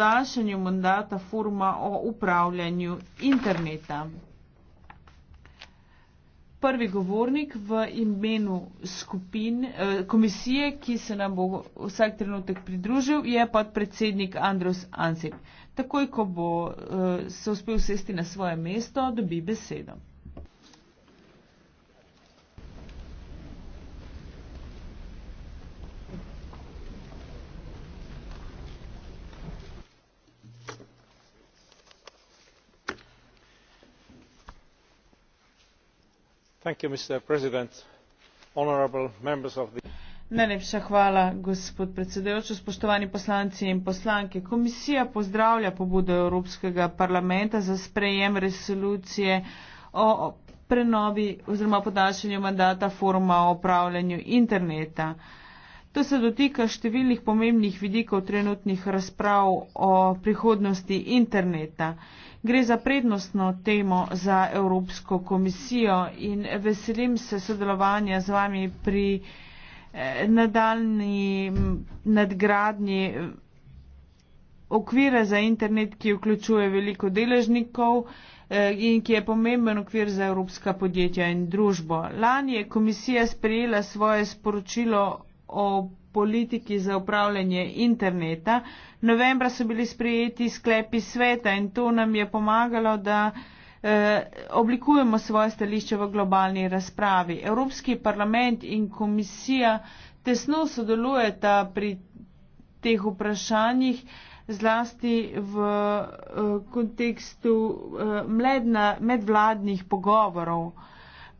podaljšanju mandata foruma o upravljanju interneta. Prvi govornik v imenu skupin, eh, komisije, ki se nam bo vsak trenutek pridružil, je podpredsednik Andros Ansip. Takoj, ko bo eh, se uspel sesti na svoje mesto, dobi besedo. mr president honourable members of the najlepša hvala gospod predsedujoči spoštovani poslanci in poslanke komisija pozdravlja pobudo evropskega parlamenta za sprejem resolucije o prenovi oziroma podaljšanju mandata foruma o upravljanju interneta to se dotika številnih pomembnih vidikov trenutnih razprav o prihodnosti interneta. Gre za prednostno temo za Evropsko komisijo in veselim se sodelovanja z vami pri eh, nadaljni nadgradnji eh, okvira za internet, ki vključuje veliko deležnikov eh, in ki je pomemben okvir za evropska podjetja in družbo. Lani je komisija sprejela svoje sporočilo o politiki za upravljanje interneta. Novembra so bili sprejeti sklepi sveta in to nam je pomagalo, da eh, oblikujemo svoje stališče v globalni razpravi. Evropski parlament in komisija tesno sodelujeta pri teh vprašanjih, zlasti v eh, kontekstu eh, medvladnih pogovorov.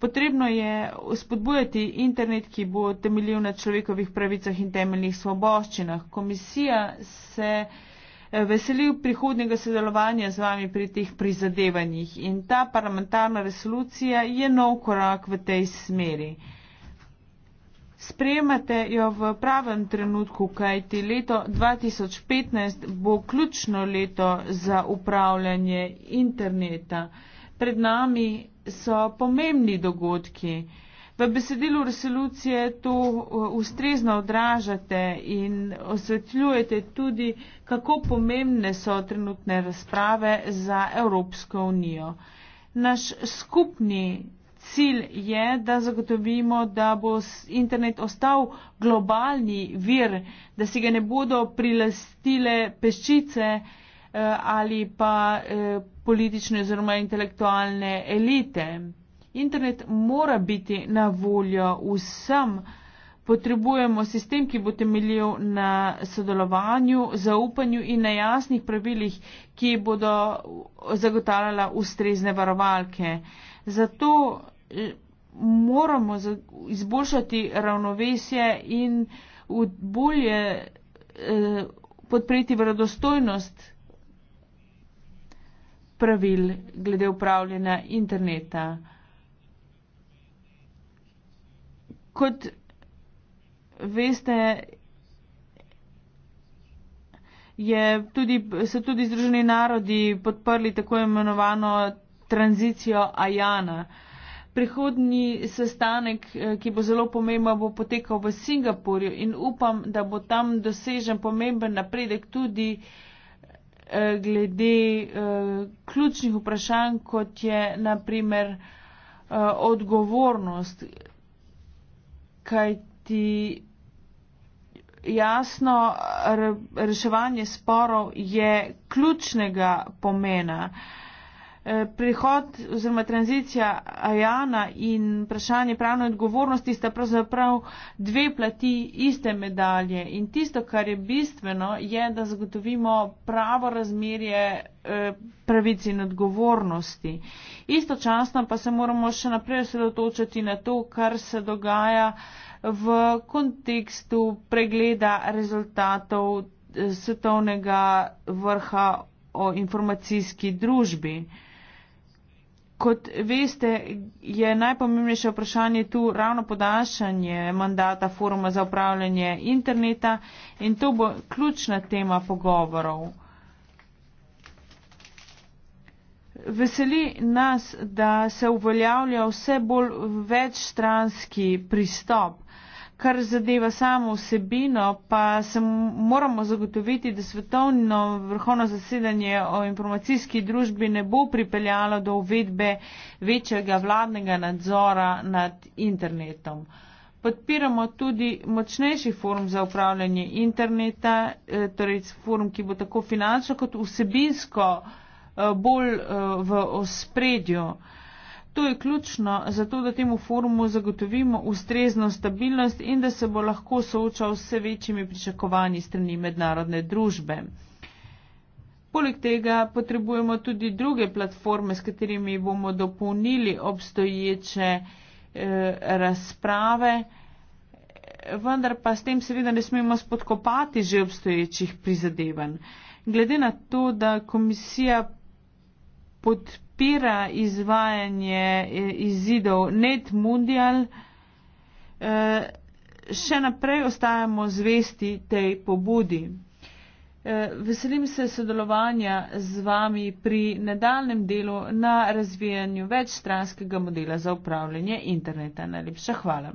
Potrebno je spodbujati internet, ki bo temeljil na človekovih pravicah in temeljnih svoboščinah. Komisija se eh, veseli prihodnega sodelovanja z vami pri teh prizadevanjih in ta parlamentarna resolucija je nov korak v tej smeri. Sprejemate jo v pravem trenutku, kajti leto 2015 bo ključno leto za upravljanje interneta. Pred nami so pomembni dogodki. V besedilu resolucije to uh, ustrezno odražate in osvetljujete tudi, kako pomembne so trenutne razprave za Evropsko unijo. Naš skupni cilj je, da zagotovimo, da bo internet ostal globalni vir, da si ga ne bodo prilastile peščice uh, ali pa uh, politične oziroma intelektualne elite. Internet mora biti na voljo vsem. Potrebujemo sistem, ki bo temeljil na sodelovanju, zaupanju in na jasnih pravilih, ki bodo zagotavljala ustrezne varovalke. Zato eh, moramo izboljšati ravnovesje in bolje eh, podpreti vredostojnost pravil glede upravljanja interneta. Kot veste, tudi, so tudi Združeni narodi podprli tako imenovano tranzicijo Ajana. Prihodni sestanek, eh, ki bo zelo pomemben, bo potekal v Singapurju in upam, da bo tam dosežen pomemben napredek tudi eh, glede eh, ključnih vprašanj, kot je naprimer eh, odgovornost. Kaj ti jasno reševanje sporov je ključnega pomena. Uh, Eh, prihod oziroma tranzicija Ajana in vprašanje pravne odgovornosti sta pravzaprav dve plati iste medalje. In tisto, kar je bistveno, je, da zagotovimo pravo razmerje eh, pravic in odgovornosti. Istočasno pa se moramo še naprej osredotočiti na to, kar se dogaja v kontekstu pregleda rezultatov eh, svetovnega vrha o informacijski družbi. Kot veste, je najpomembnejše vprašanje tu ravno podaljšanje mandata foruma za upravljanje interneta in to bo ključna tema pogovorov. Veseli nas, da se uveljavlja vse bolj večstranski pristop kar zadeva samo vsebino, pa se moramo zagotoviti, da svetovno vrhovno zasedanje o informacijski družbi ne bo pripeljalo do uvedbe večjega vladnega nadzora nad internetom. Podpiramo tudi močnejši forum za upravljanje interneta, e, torej forum, ki bo tako finančno kot vsebinsko e, bolj e, v ospredju. To je ključno za to, da temu forumu zagotovimo ustrezno stabilnost in da se bo lahko soočal s vse večjimi pričakovanji strani mednarodne družbe. Poleg tega potrebujemo tudi druge platforme, s katerimi bomo dopolnili obstoječe eh, razprave, vendar pa s tem seveda ne smemo spodkopati že obstoječih prizadevanj. Glede na to, da komisija podpira izvajanje eh, izidov Net Mundial, eh, še naprej ostajamo zvesti tej pobudi. Eh, veselim se sodelovanja z vami pri nadaljem delu na razvijanju večstranskega modela za upravljanje interneta. Najlepša hvala.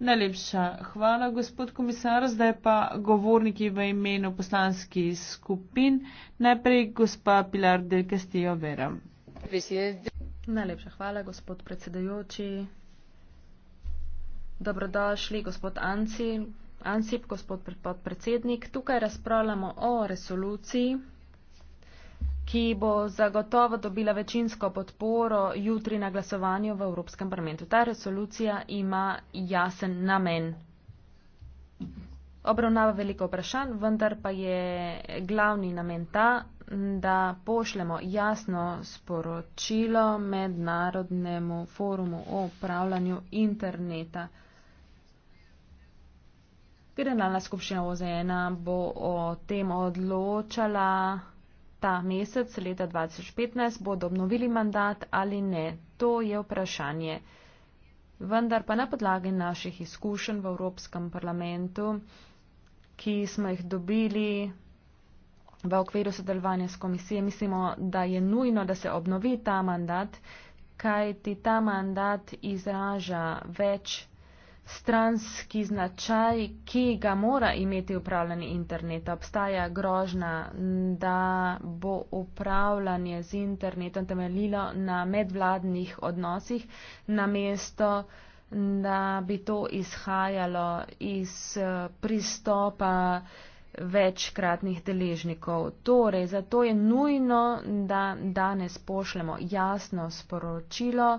Najlepša hvala, gospod komisar. Zdaj pa govorniki v imenu poslanskih skupin. Najprej gospa Pilar del Castillo Vera. Najlepša hvala, gospod predsedajoči. Dobrodošli, gospod Ansip, gospod podpredsednik. Tukaj razpravljamo o resoluciji ki bo zagotovo dobila večinsko podporo jutri na glasovanju v Evropskem parlamentu. Ta resolucija ima jasen namen. Obravnava veliko vprašanj, vendar pa je glavni namen ta, da pošljemo jasno sporočilo mednarodnemu forumu o upravljanju interneta. Generalna skupščina OZN bo o tem odločala ta mesec, leta 2015, bodo obnovili mandat ali ne. To je vprašanje. Vendar pa na podlagi naših izkušenj v Evropskem parlamentu, ki smo jih dobili v okviru sodelovanja s komisijo, mislimo, da je nujno, da se obnovi ta mandat, kaj ti ta mandat izraža več stranski značaj, ki ga mora imeti upravljanje interneta. Obstaja grožna, da bo upravljanje z internetom temeljilo na medvladnih odnosih, namesto da bi to izhajalo iz eh, pristopa večkratnih deležnikov. Torej, zato je nujno, da danes pošljemo jasno sporočilo,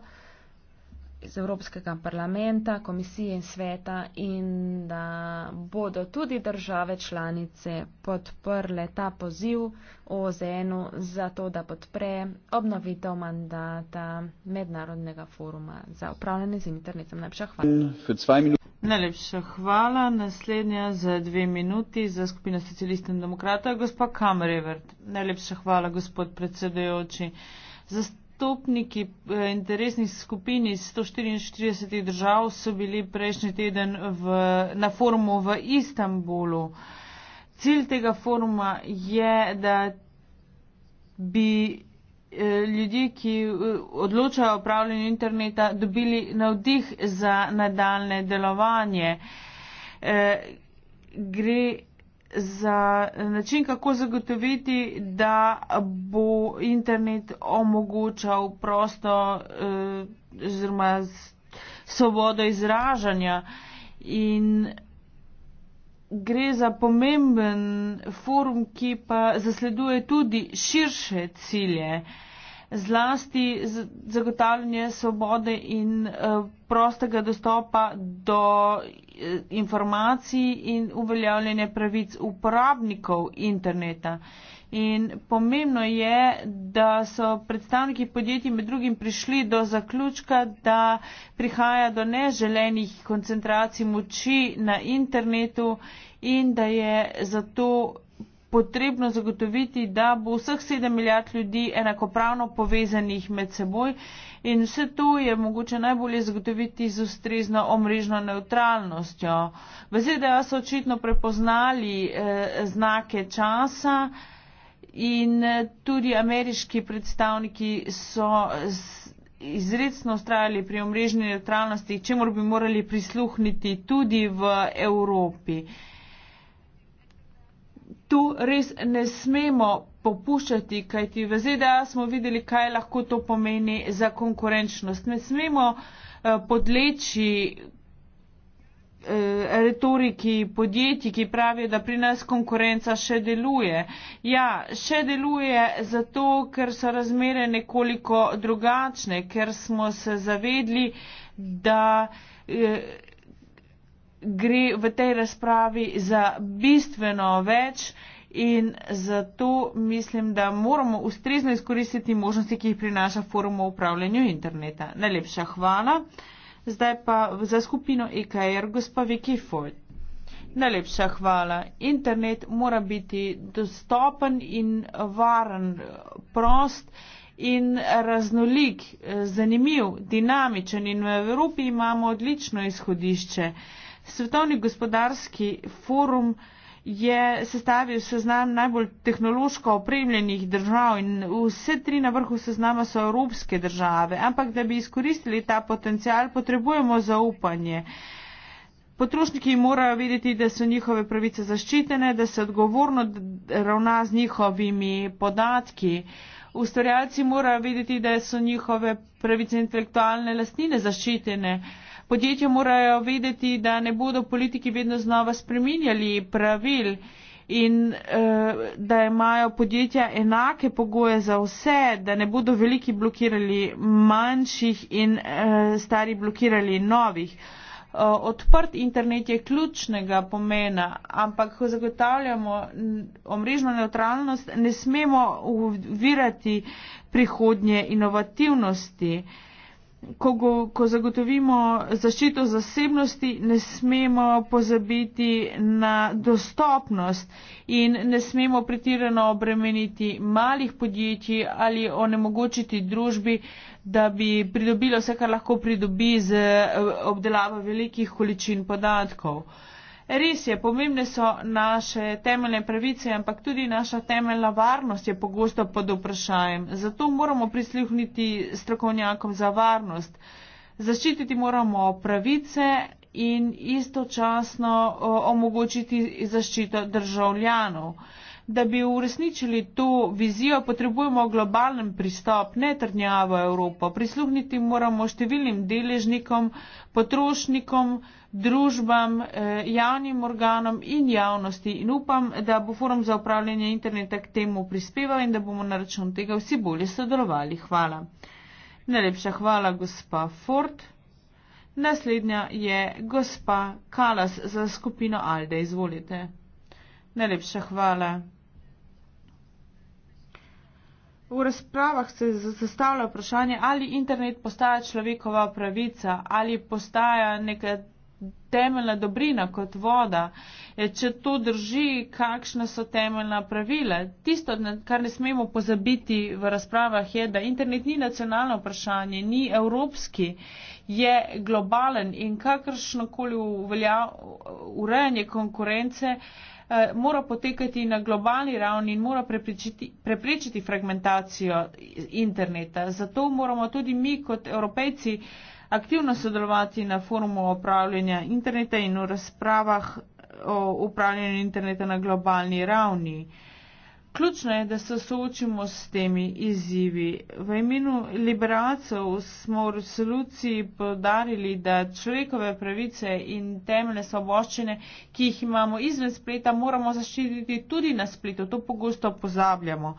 iz Evropskega parlamenta, komisije in sveta in da bodo tudi države članice podprle ta poziv OZN-u za to, da podpre obnovitev mandata mednarodnega foruma za upravljanje z internetom. Najlepša hvala. Najlepša hvala. Naslednja za dve minuti za skupino socialistov in demokratov je gospa Kamrevert. Najlepša hvala, gospod predsedujoči. Zast zastopniki eh, interesnih skupin iz 144 držav so bili prejšnji teden v, na forumu v Istanbulu. Cilj tega foruma je, da bi eh, ljudi, ki eh, odločajo o upravljanju interneta, dobili navdih za nadaljne delovanje. Gre za način, kako zagotoviti, da bo internet omogočal prosto eh, oziroma svobodo izražanja. In gre za pomemben forum, ki pa zasleduje tudi širše cilje, zlasti zagotavljanje svobode in eh, prostega dostopa do Eh, informacij in uveljavljanje pravic uporabnikov interneta. In pomembno je, da so predstavniki podjetij med drugim prišli do zaključka, da prihaja do neželenih koncentracij moči na internetu in da je zato potrebno zagotoviti, da bo vseh sedem milijard ljudi enakopravno povezanih med seboj. In vse to je mogoče najbolje zagotoviti z ustrezno omrežno neutralnostjo. V ZDA so očitno prepoznali eh, znake časa in eh, tudi ameriški predstavniki so izredno ustrajali pri omrežni neutralnosti, čemor bi morali prisluhniti tudi v Evropi. Tu res ne smemo popuščati, kajti v ZDA smo videli, kaj lahko to pomeni za konkurenčnost. Ne smemo eh, podleči eh, retoriki podjetij, ki pravijo, da pri nas konkurenca še deluje. Ja, še deluje zato, ker so razmere nekoliko drugačne, ker smo se zavedli, da eh, gre v tej razpravi za bistveno več in zato mislim, da moramo ustrezno izkoristiti možnosti, ki jih prinaša forum o upravljanju interneta. Najlepša hvala. Zdaj pa za skupino EKR gospa Viki Ford. Najlepša hvala. Internet mora biti dostopen in varen, prost in raznolik, zanimiv, dinamičen in v Evropi imamo odlično izhodišče. Svetovni gospodarski forum je sestavil seznam najbolj tehnološko opremljenih držav in vse tri na vrhu seznama so evropske države. Ampak, da bi izkoristili ta potencial, potrebujemo zaupanje. Potrošniki morajo videti, da so njihove pravice zaščitene, da se odgovorno ravna z njihovimi podatki. Ustvarjalci morajo videti, da so njihove pravice intelektualne lastnine zaščitene. Uh, Podjetja morajo vedeti, da ne bodo politiki vedno znova spreminjali pravil in eh, da imajo podjetja enake pogoje za vse, da ne bodo veliki blokirali manjših in eh, stari blokirali novih. Eh, odprt internet je ključnega pomena, ampak ko zagotavljamo omrežno neutralnost, ne smemo uvirati prihodnje inovativnosti ko, go, ko zagotovimo zaščito zasebnosti, ne smemo pozabiti na dostopnost in ne smemo pretirano obremeniti malih podjetij ali onemogočiti družbi, da bi pridobila vse, kar lahko pridobi z eh, obdelavo velikih količin podatkov. Uh, Res je, pomembne so naše temeljne pravice, ampak tudi naša temeljna varnost je pogosto pod vprašanjem. Zato moramo prisluhniti strokovnjakom za varnost. Zaščititi moramo pravice in istočasno omogočiti zaščito državljanov. Da bi uresničili to vizijo, potrebujemo globalen pristop, ne trdnjavo Evropo. Prisluhniti moramo številnim deležnikom, potrošnikom, družbam, eh, javnim organom in javnosti. In upam, da bo forum za upravljanje interneta k temu prispeval in da bomo na račun tega vsi bolje sodelovali. Hvala. Najlepša hvala, gospa Ford. Naslednja je gospa Kalas za skupino Alde. Izvolite. Najlepša hvala. V razpravah se zastavlja vprašanje, ali internet postaja človekova pravica, ali postaja neka temeljna dobrina kot voda. E, če to drži, kakšna so temeljna pravila? Tisto, kar ne smemo pozabiti v razpravah, je, da internet ni nacionalno vprašanje, ni evropski, je globalen in kakršnokoli urejanje konkurence. Eh, mora potekati na globalni ravni in mora preprečiti, preprečiti fragmentacijo interneta. Zato moramo tudi mi kot evropejci aktivno sodelovati na forumu upravljanja interneta in v razpravah o upravljanju interneta na globalni ravni. Uh, Ključno je, da se soočimo s temi izzivi. V imenu liberacev smo v resoluciji podarili, da človekove pravice in temeljne svoboščine, ki jih imamo izven spleta, moramo zaščititi tudi na spletu. To pogosto pozabljamo.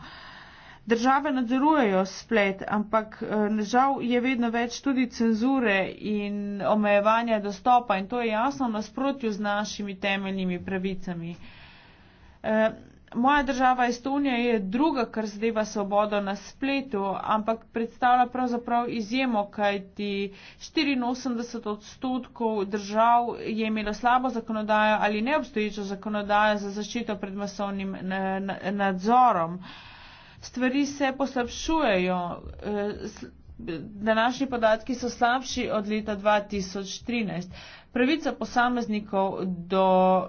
Države nadzorujejo splet, ampak eh, žal je vedno več tudi cenzure in omejevanja dostopa in to je jasno nasprotju z našimi temeljnimi pravicami. Eh, Moja država Estonija je druga, kar zadeva svobodo na spletu, ampak predstavlja pravzaprav izjemo, kajti 84 odstotkov držav je imelo slabo zakonodajo ali neobstoječo zakonodajo za zaščito pred masovnim eh, nadzorom. Stvari se poslabšujejo. Eh, današnji podatki so slabši od leta 2013. Pravica posameznikov do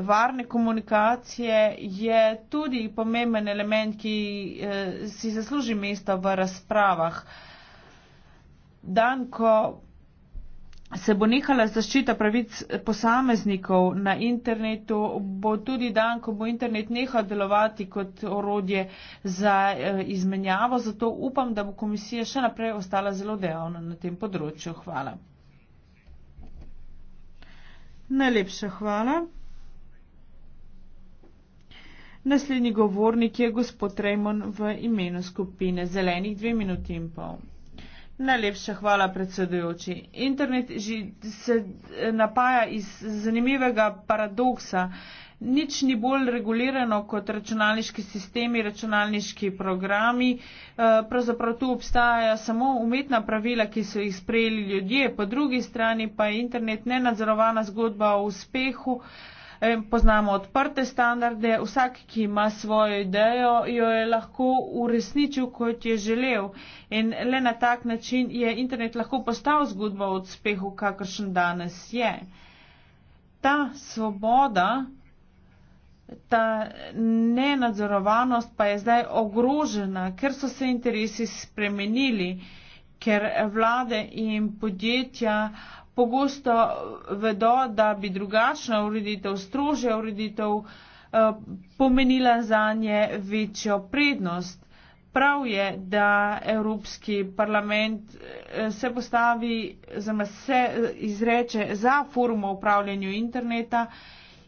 varne komunikacije je tudi pomemben element, ki eh, si zasluži mesto v razpravah. Dan, ko se bo nehala zaščita pravic posameznikov na internetu, bo tudi dan, ko bo internet nehal delovati kot orodje za eh, izmenjavo. Zato upam, da bo komisija še naprej ostala zelo dejavna na tem področju. Hvala. Najlepša hvala. Naslednji govornik je gospod Raymond v imenu skupine Zelenih dve minuti in pol. Najlepša hvala predsedujoči. Internet se eh, napaja iz zanimivega paradoksa. Nič ni bolj regulirano kot računalniški sistemi, računalniški programi. Eh, pravzaprav tu obstajajo samo umetna pravila, ki so jih sprejeli ljudje. Po drugi strani pa je internet nenadzorovana zgodba o uspehu, poznamo odprte standarde, vsak, ki ima svojo idejo, jo je lahko uresničil, kot je želel. In le na tak način je internet lahko postal zgodba o uspehu, kakršen danes je. Ta svoboda, ta nenadzorovanost pa je zdaj ogrožena, ker so se interesi spremenili, ker vlade in podjetja pogosto vedo, da bi drugačna ureditev, strožja ureditev eh, pomenila za nje večjo prednost. Prav je, da Evropski parlament eh, se postavi, oziroma se eh, izreče za forum o upravljanju interneta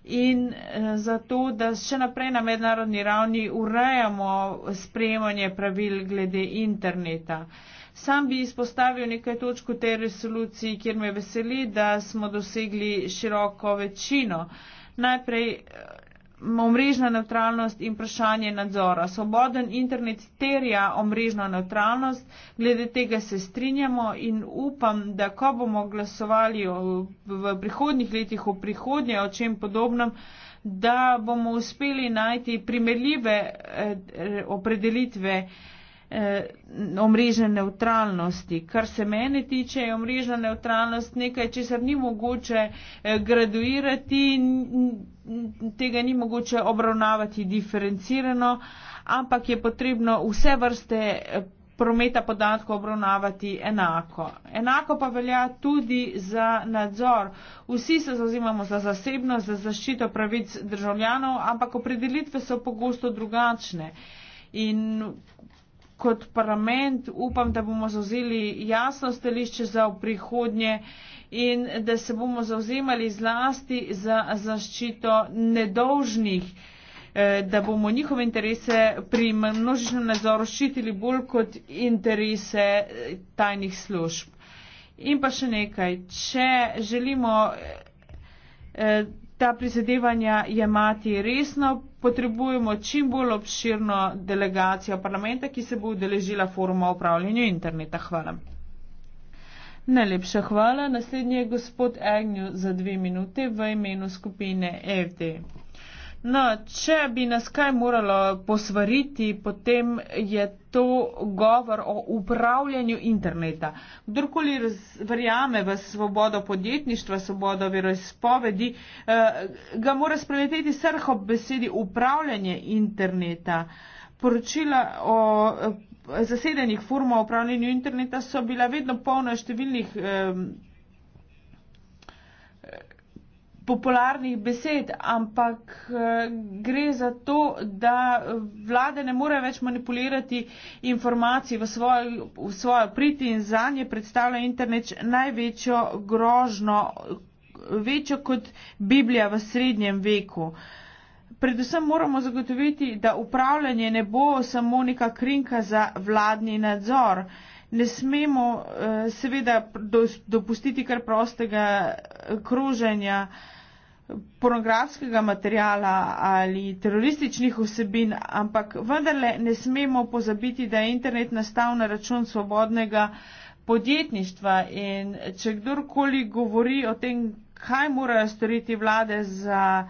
in zato, da še naprej na mednarodni ravni urejamo sprejemanje pravil glede interneta. Sam bi izpostavil nekaj točk v tej resoluciji, kjer me veseli, da smo dosegli široko večino. Najprej eh, omrežna neutralnost in vprašanje nadzora. Svoboden internet terja omrežno neutralnost, glede tega se strinjamo in upam, da ko bomo glasovali v prihodnjih letih o prihodnje, o čem podobnem, da bomo uspeli najti primerljive eh, eh, opredelitve. Eh, eh, omrežne neutralnosti. Kar se mene tiče, je omrežna neutralnost nekaj, česar ni mogoče eh, graduirati, tega ni mogoče obravnavati diferencirano, ampak je potrebno vse vrste eh, prometa podatkov obravnavati enako. Enako pa velja tudi za nadzor. Vsi se zauzimamo za zasebnost, za zaščito pravic državljanov, ampak opredelitve so pogosto drugačne. In kot parlament upam, da bomo zauzeli jasno stališče za prihodnje in da se bomo zauzemali zlasti za zaščito nedolžnih, eh, da bomo njihove interese pri množičnem nadzoru ščitili bolj kot interese eh, tajnih služb. In pa še nekaj, če želimo. Eh, ta prizadevanja jemati resno. Potrebujemo čim bolj obširno delegacijo parlamenta, ki se bo udeležila foruma o upravljanju interneta. Hvala. Najlepša hvala. Naslednji je gospod Agnew za dve minute v imenu skupine FD. No, če bi nas kaj moralo posvariti, potem je to govor o upravljanju interneta. Kdorkoli verjame v svobodo podjetništva, svobodo veroizpovedi, eh, ga mora spremeniti srh ob besedi upravljanje interneta. Poročila o eh, zasedenih formah upravljanju interneta so bila vedno polna številnih. Eh, popularnih besed, ampak eh, gre za to, da vlade ne morejo več manipulirati informacij v svojo, v svojo priti in za nje predstavlja internet največjo grožno, večjo kot Biblija v srednjem veku. Predvsem moramo zagotoviti, da upravljanje ne bo samo neka krinka za vladni nadzor. Ne smemo eh, seveda dopustiti kar prostega eh, kroženja pornografskega materijala ali terorističnih vsebin, ampak vendarle ne smemo pozabiti, da je internet nastal na račun svobodnega podjetništva in če kdorkoli govori o tem, kaj morajo storiti vlade za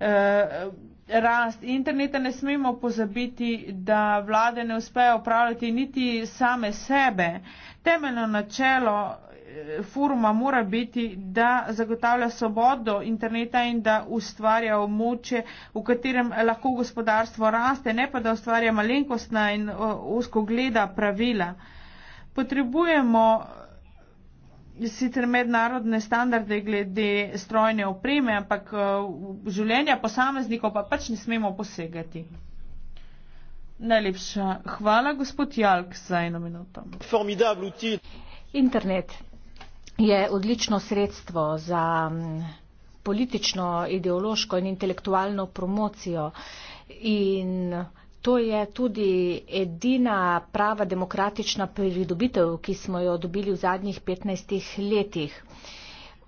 eh, rast interneta, ne smemo pozabiti, da vlade ne uspejo upravljati niti same sebe. Temeljno načelo foruma mora biti, da zagotavlja svobodo interneta in da ustvarja območje, v katerem lahko gospodarstvo raste, ne pa da ustvarja malenkostna in oskogleda pravila. Potrebujemo sicer mednarodne standarde glede strojne opreme, ampak življenja posameznikov pa pač ne smemo posegati. Najlepša hvala, gospod Jalk, za eno minuto. Internet je odlično sredstvo za mm, politično, ideološko in intelektualno promocijo. In to je tudi edina prava demokratična pridobitev, ki smo jo dobili v zadnjih 15 letih.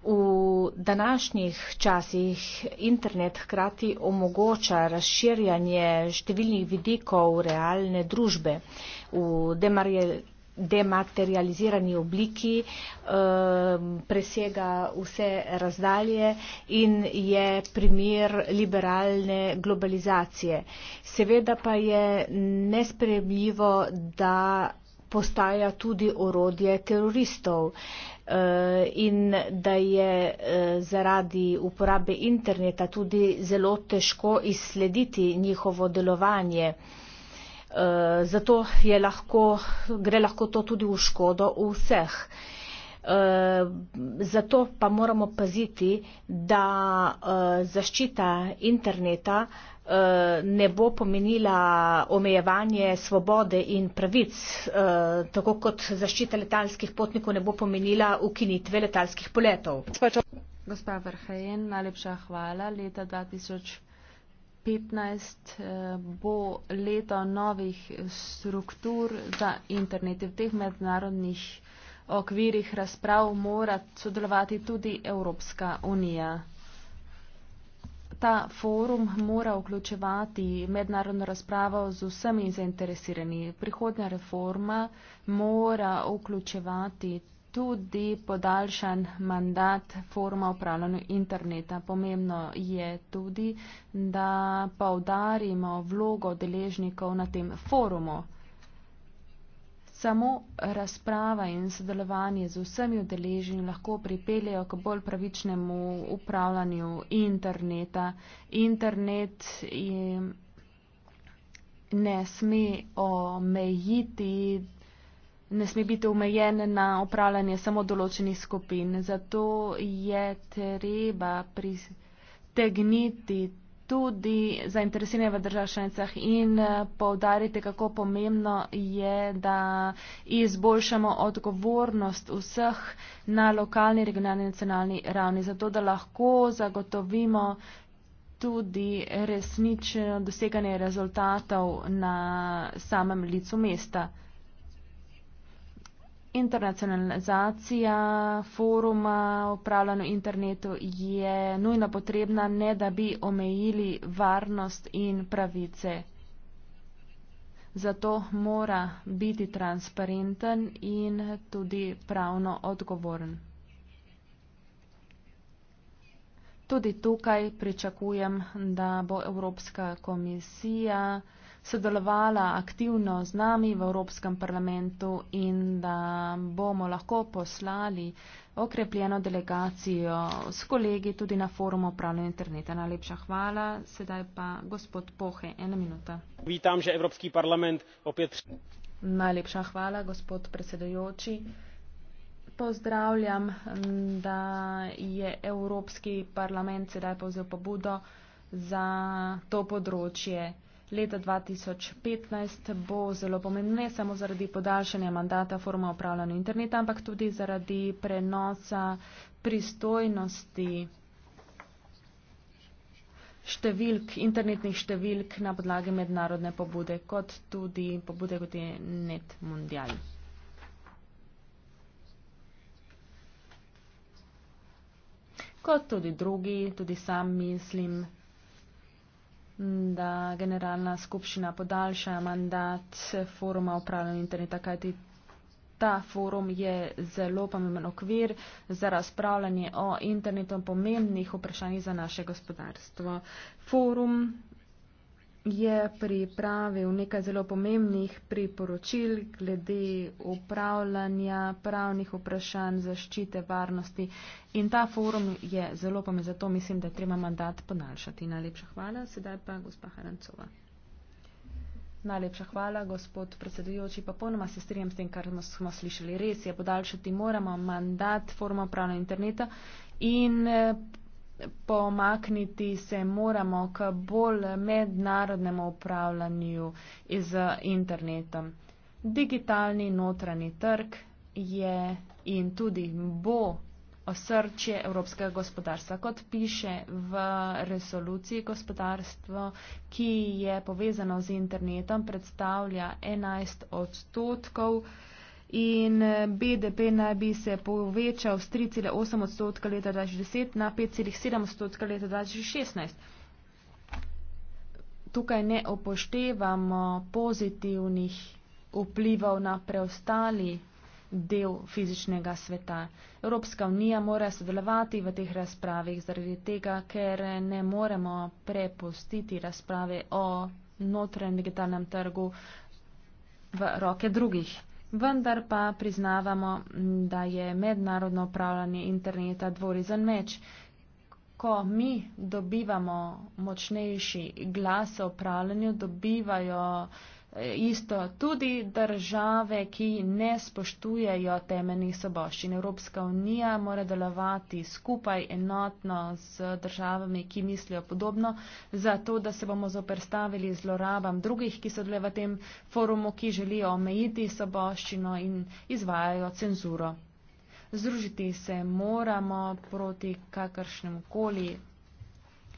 V današnjih časih internet hkrati omogoča razširjanje številnih vidikov realne družbe. V dematerializirani obliki, eh, presega vse razdalje in je primer liberalne globalizacije. Seveda pa je nespremljivo, da postaja tudi orodje teroristov eh, in da je eh, zaradi uporabe interneta tudi zelo težko izslediti njihovo delovanje. Eh, zato je lahko, gre lahko to tudi v škodo vseh. Eh, zato pa moramo paziti, da eh, zaščita interneta ne bo pomenila omejevanje svobode in pravic, tako kot zaščita letalskih potnikov ne bo pomenila ukinitve letalskih poletov. Gospa Vrhajen, najlepša hvala. Leta 2015. 2015 eh, bo leto novih struktur za internet. V teh mednarodnih okvirih razprav mora sodelovati tudi Evropska unija. Ta forum mora vključevati mednarodno razpravo z vsemi zainteresiranimi. Prihodnja reforma mora vključevati tudi podaljšan mandat forma upravljanja interneta. Pomembno je tudi, da povdarimo vlogo deležnikov na tem forumu. Samo razprava in sodelovanje z vsemi udeleženi lahko pripeljejo k bolj pravičnemu upravljanju interneta. Internet ne sme omejiti ne sme biti omejen na opravljanje samo določenih skupin. Zato je treba pritegniti tudi zainteresirane v državah članicah in eh, povdariti, kako pomembno je, da izboljšamo odgovornost vseh na lokalni, regionalni, nacionalni ravni, zato da lahko zagotovimo tudi resnično doseganje rezultatov na samem licu mesta internacionalizacija foruma upravljanja internetu je nujno potrebna, ne da bi omejili varnost in pravice. Zato mora biti transparenten in tudi pravno odgovoren. Tudi tukaj pričakujem, da bo Evropska komisija sodelovala aktivno z nami v Evropskem parlamentu in da bomo lahko poslali okrepljeno delegacijo s kolegi tudi na forumu upravljanja interneta. Najlepša hvala. Sedaj pa gospod Pohe, ena minuta. Vítam, že Evropski parlament opet. Najlepša hvala, gospod predsedujoči. Pozdravljam, da je Evropski parlament sedaj povzel pobudo za to področje leta 2015 bo zelo pomembno, ne samo zaradi podaljšanja mandata forma upravljanja interneta, ampak tudi zaradi prenosa pristojnosti številk, internetnih številk na podlagi mednarodne pobude, kot tudi pobude, kot je Net Mundial. Kot tudi drugi, tudi sam mislim, da generalna skupščina podaljša mandat foruma upravljanja interneta, kajti ta forum je zelo pomemben okvir za razpravljanje o internetu pomembnih vprašanjih za naše gospodarstvo. Forum je pripravil nekaj zelo pomembnih priporočil glede upravljanja pravnih vprašanj zaščite varnosti in ta forum je zelo pomemben, zato mislim, da je treba mandat podaljšati. Najlepša hvala, sedaj pa gospa Harancova. Najlepša hvala, gospod predsedujoči, pa ponoma se strijem s tem, kar smo slišali. Res je, podaljšati moramo mandat foruma upravljanja interneta in eh, pomakniti se moramo k bolj mednarodnemu upravljanju z internetom. Digitalni notranji trg je in tudi bo osrčje evropskega gospodarstva, kot piše v resoluciji gospodarstvo, ki je povezano z internetom, predstavlja 11 odstotkov in eh, BDP naj bi se povečal z 3,8 odstotka leta 2010 na 5,7 odstotka leta 2016. Tukaj ne upoštevamo pozitivnih vplivov na preostali del fizičnega sveta. Evropska unija mora sodelovati v teh razpravih zaradi tega, ker ne moremo prepustiti razprave o notranjem digitalnem trgu v roke drugih. Vendar pa priznavamo, da je mednarodno upravljanje interneta dvorizen meč. Ko mi dobivamo močnejši glas o upravljanju, dobivajo uh, isto. Tudi države, ki ne spoštujejo temeljnih soboščin. Evropska unija mora delovati skupaj enotno z državami, ki mislijo podobno, zato da se bomo zoprstavili zlorabam drugih, ki so dole v tem forumu, ki želijo omejiti soboščino in izvajajo cenzuro. Združiti se moramo proti kakršnemu koli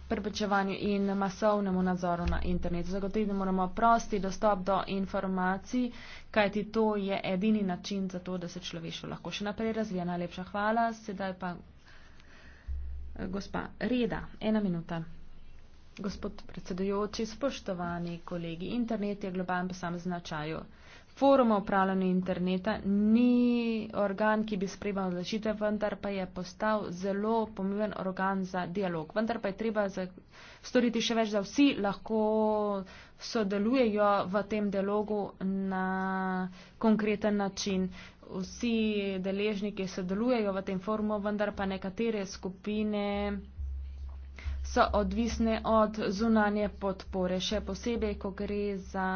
preprečevanju in masovnemu nadzoru na internetu. Zagotoviti moramo prosti dostop do informacij, kajti to je edini način za to, da se človeštvo lahko še naprej razvija. Najlepša hvala. Sedaj pa eh, gospa Reda, ena minuta. Gospod predsedujoči, spoštovani kolegi, internet je globalen po samem značaju. Forum o upravljanju interneta ni organ, ki bi spremal odločitve, vendar pa je postal zelo pomemben organ za dialog. Vendar pa je treba storiti še več, da vsi lahko sodelujejo v tem dialogu na konkreten način. Vsi deležniki sodelujejo v tem forumu, vendar pa nekatere skupine so odvisne od zunanje podpore. Še posebej, ko gre za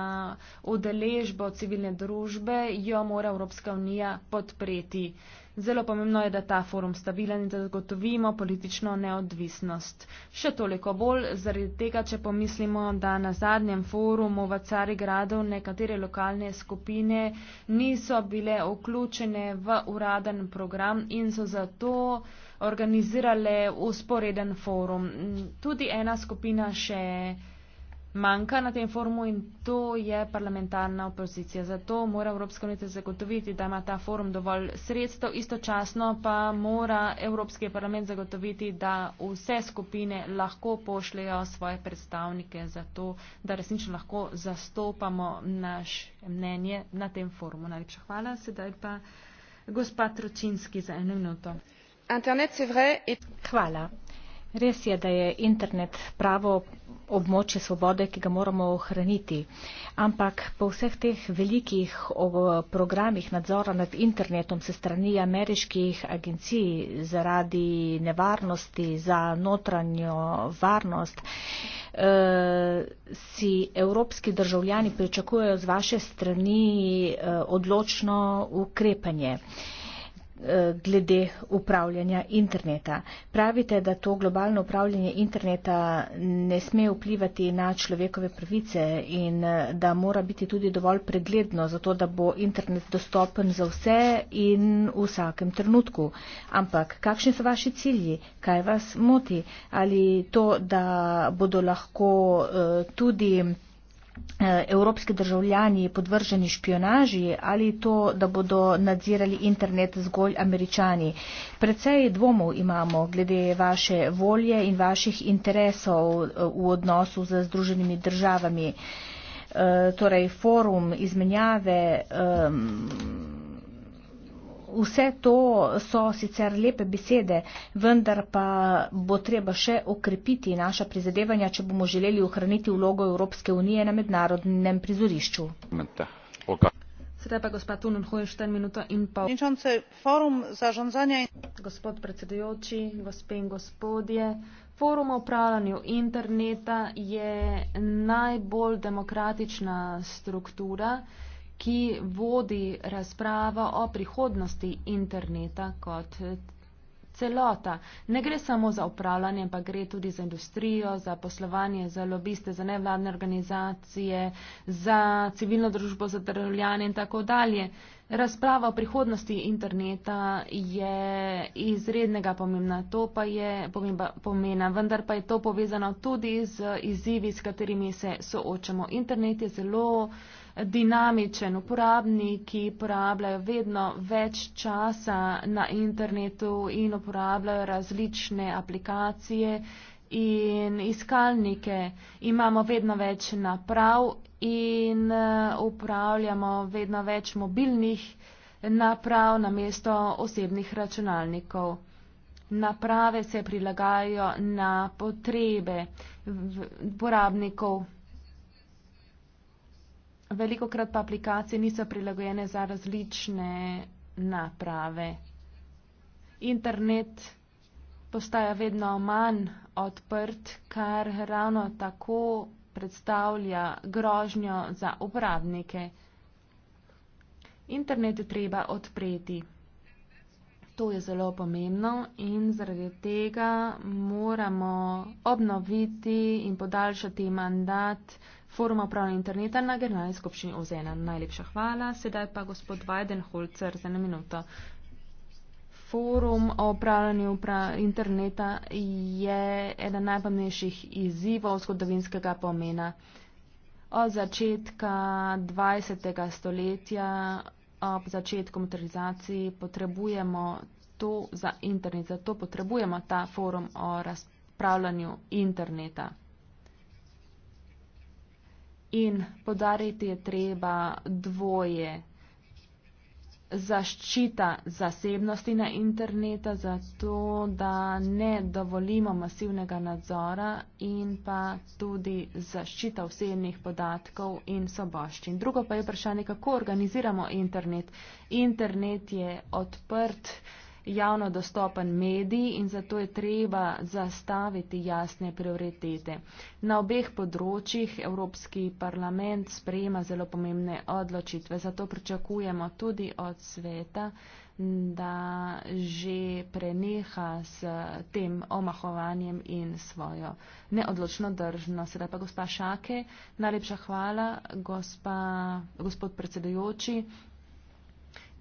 udeležbo civilne družbe, jo mora Evropska unija podpreti. Zelo pomembno je, da ta forum stabilen in da zagotovimo politično neodvisnost. Še toliko bolj zaradi tega, če pomislimo, da na zadnjem forumu v Carigradu nekatere lokalne skupine niso bile vključene v uraden program in so zato organizirale usporeden forum. Tudi ena skupina še manjka na tem forumu in to je parlamentarna opozicija. Zato mora Evropska unija zagotoviti, da ima ta forum dovolj sredstev, istočasno pa mora Evropski parlament zagotoviti, da vse skupine lahko pošljajo svoje predstavnike za to, da resnično lahko zastopamo naš mnenje na tem forumu. Najlepša hvala, sedaj pa gospa Tročinski za eno minuto res je da je internet pravo območje svobode ki ga moramo ohraniti ampak po vseh teh velikih programih nadzora nad internetom se strani ameriških agencij zaradi nevarnosti za notranjo varnost e, si evropski državljani pričakujejo z vaše strani e, odločno ukrepanje. Eh, glede upravljanja interneta. Pravite, da to globalno upravljanje interneta ne sme vplivati na človekove pravice in eh, da mora biti tudi dovolj pregledno, zato da bo internet dostopen za vse in v vsakem trenutku. Ampak kakšni so vaši cilji? Kaj vas moti? Ali to, da bodo lahko eh, tudi Eh, evropski državljani podvrženi špionaži ali to, da bodo nadzirali internet zgolj američani. Precej dvomov imamo glede vaše volje in vaših interesov eh, v odnosu z združenimi državami. Eh, torej, forum izmenjave. Um, Vse to so sicer lepe besede, vendar pa bo treba še okrepiti naša prizadevanja, če bomo želeli ohraniti vlogo Evropske unije na mednarodnem prizorišču. Sedaj pa gospod Tunon Hoje, 4 minuta in pol. Ničance, forum za žonzanje. Gospod predsedujoči, gospe in gospodje, forum o upravljanju interneta je najbolj demokratična struktura, ki vodi razpravo o prihodnosti interneta kot celota. Ne gre samo za upravljanje, pa gre tudi za industrijo, za poslovanje, za lobiste, za nevladne organizacije, za civilno družbo, za državljane in tako dalje. Razprava o prihodnosti interneta je izrednega pomembna, to pa je pomemba, pomena, vendar pa je to povezano tudi z izzivi, s katerimi se soočamo. Internet je zelo dinamičen. Uporabniki porabljajo vedno več časa na internetu in uporabljajo različne aplikacije in iskalnike. Imamo vedno več naprav in eh, upravljamo vedno več mobilnih naprav na mesto osebnih računalnikov. Naprave se prilagajajo na potrebe uporabnikov veliko krat pa aplikacije niso prilagojene za različne naprave. Internet postaja vedno manj odprt, kar ravno tako predstavlja grožnjo za uporabnike. Internet je treba odpreti. To je zelo pomembno in zaradi tega moramo obnoviti in podaljšati mandat Forum upravljanja interneta na generalni skupščini OZN. Najlepša hvala. Sedaj pa gospod Weidenholzer za eno minuto. Forum o upravljanju interneta je eden najpomembnejših izzivov zgodovinskega pomena. Od začetka 20. stoletja, ob začetku motorizacije, potrebujemo to za internet, zato potrebujemo ta forum o razpravljanju interneta in podariti je treba dvoje zaščita zasebnosti na interneta, zato da ne dovolimo masivnega nadzora in pa tudi zaščita osebnih podatkov in soboščin. Drugo pa je vprašanje, kako organiziramo internet. Internet je odprt javno dostopen medij in zato je treba zastaviti jasne prioritete. Na obeh področjih Evropski parlament sprejema zelo pomembne odločitve, zato pričakujemo tudi od sveta, da že preneha s tem omahovanjem in svojo neodločno držno. Sedaj pa gospa Šake, najlepša hvala, gospa, gospod predsedujoči.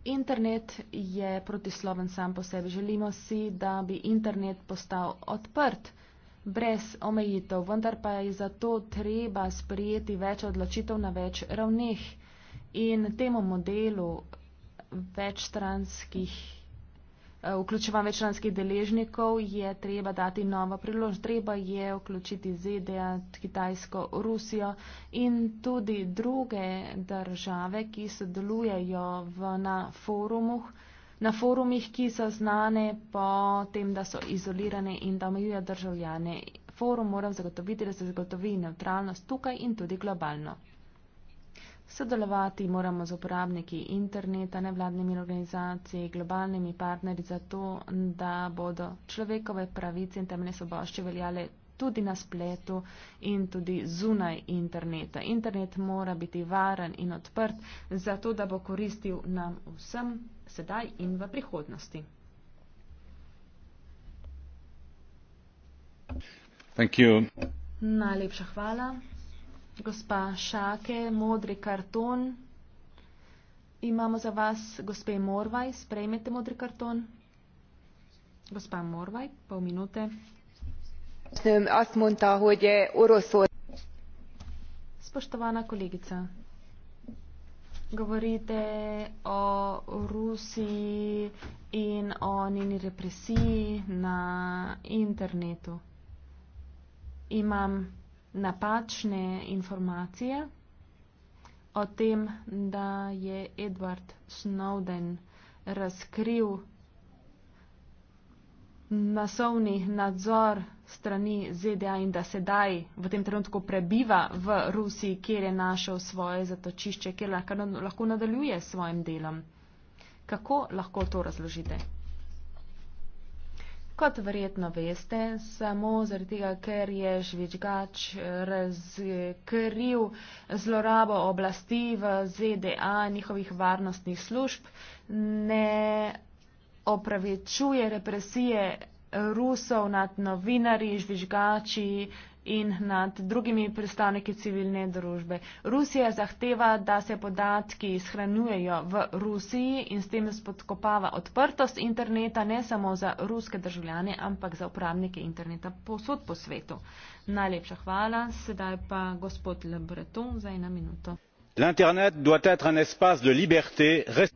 Internet je protisloven sam po sebi. Želimo si, da bi internet postal odprt, brez omejitev, vendar pa je za to treba sprijeti več odločitev na več ravneh in temu modelu večstranskih. Eh, vključevanje članskih deležnikov je treba dati novo priložnost, treba je vključiti ZDA, Kitajsko, Rusijo in tudi druge države, ki sodelujejo v, na forumih, na forumih, ki so znane po tem, da so izolirane in da omejuje državljane. Forum mora zagotoviti, da se zagotovi neutralnost tukaj in tudi globalno. Sodelovati moramo z uporabniki interneta, nevladnimi organizacijami, globalnimi partnerji za to, da bodo človekove pravice in temeljne svobošče veljale tudi na spletu in tudi zunaj interneta. Internet mora biti varen in odprt, zato da bo koristil nam vsem sedaj in v prihodnosti. Najlepša hvala gospa Šake, modri karton. Imamo za vas gospe Morvaj, sprejmete modri karton. Gospa Morvaj, pol minute. Spoštovana kolegica, govorite o Rusiji in o njeni represiji na internetu. Imam napačne informacije o tem, da je Edward Snowden razkril masovni nadzor strani ZDA in da sedaj v tem trenutku prebiva v Rusiji, kjer je našel svoje zatočišče, kjer lahko nadaljuje s svojim delom. Kako lahko to razložite? Kot verjetno veste, samo zaradi tega, ker je žvečgač razkril zlorabo oblasti v ZDA njihovih varnostnih služb, ne opravičuje represije Rusov, nad novinari, žvižgači in nad drugimi predstavniki civilne družbe. Rusija zahteva, da se podatki shranjujejo v Rusiji in s tem spodkopava odprtost interneta ne samo za ruske državljane, ampak za uporabnike interneta posod po svetu. Najlepša hvala, sedaj pa gospod Lebreton za eno minuto. L'internet doit être un espace de liberté. Rest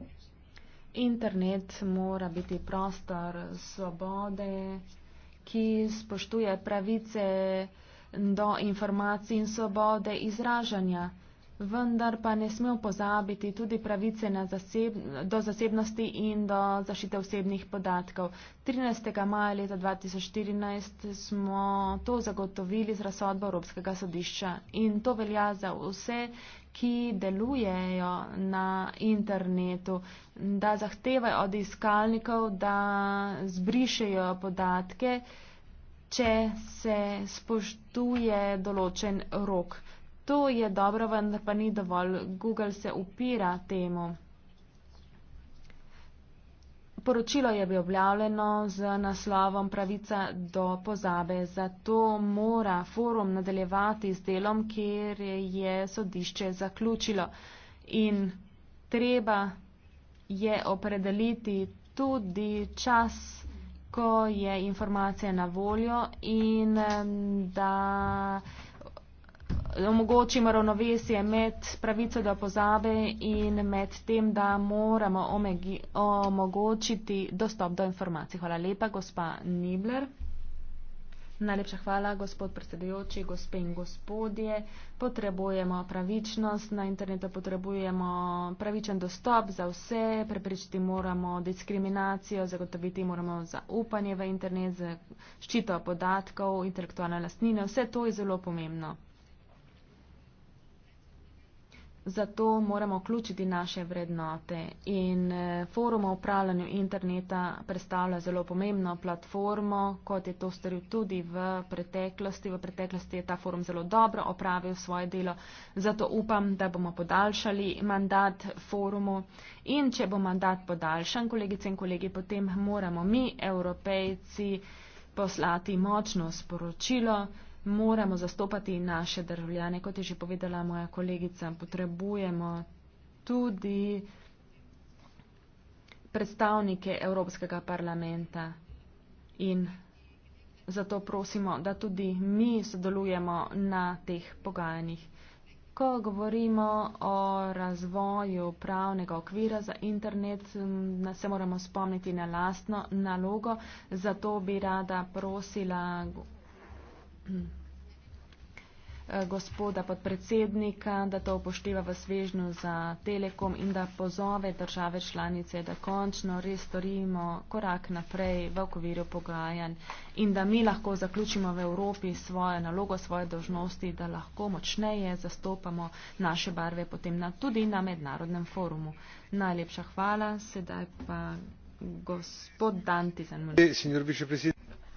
internet mora biti prostor svobode, ki spoštuje pravice do informacij in svobode izražanja, vendar pa ne smemo pozabiti tudi pravice zaseb do zasebnosti in do zašite osebnih podatkov. 13. maja leta 2014 smo to zagotovili z razsodbo Evropskega sodišča in to velja za vse, ki delujejo na internetu, da zahtevajo od iskalnikov, da zbrišejo podatke, če se spoštuje določen rok. To je dobro, vendar pa ni dovolj. Google se upira temu poročilo je bilo objavljeno z naslovom Pravica do pozabe. Zato mora forum nadaljevati z delom, kjer je sodišče zaključilo. In treba je opredeliti tudi čas, ko je informacija na voljo in da omogočimo ravnovesje med pravico do pozabe in med tem, da moramo omogočiti dostop do informacij. Hvala lepa, gospa Nibler. Najlepša hvala, gospod predsedujoči, gospe in gospodje. Potrebujemo pravičnost na internetu, potrebujemo pravičen dostop za vse, preprečiti moramo diskriminacijo, zagotoviti moramo zaupanje v internet, zaščito podatkov, intelektualne lastnine. Vse to je zelo pomembno. Zato moramo vključiti naše vrednote in eh, forum o upravljanju interneta predstavlja zelo pomembno platformo, kot je to storil tudi v preteklosti. V preteklosti je ta forum zelo dobro opravil svoje delo, zato upam, da bomo podaljšali mandat forumu in če bo mandat podaljšan, kolegice in kolegi, potem moramo mi, evropejci, poslati močno sporočilo, moramo zastopati naše državljane, kot je že povedala moja kolegica. Potrebujemo tudi predstavnike Evropskega parlamenta in zato prosimo, da tudi mi sodelujemo na teh pogajanjih. Ko govorimo o razvoju pravnega okvira za internet, se moramo spomniti na lastno nalogo. Zato bi rada prosila Eh, gospoda podpredsednika, da to upošteva v svežnju za Telekom in da pozove države članice, da končno res storimo korak naprej v okviru pogajanj in da mi lahko zaključimo v Evropi svojo nalogo, svoje dožnosti, da lahko močneje zastopamo naše barve potem na, tudi na mednarodnem forumu. Najlepša hvala, sedaj pa gospod Dantizan.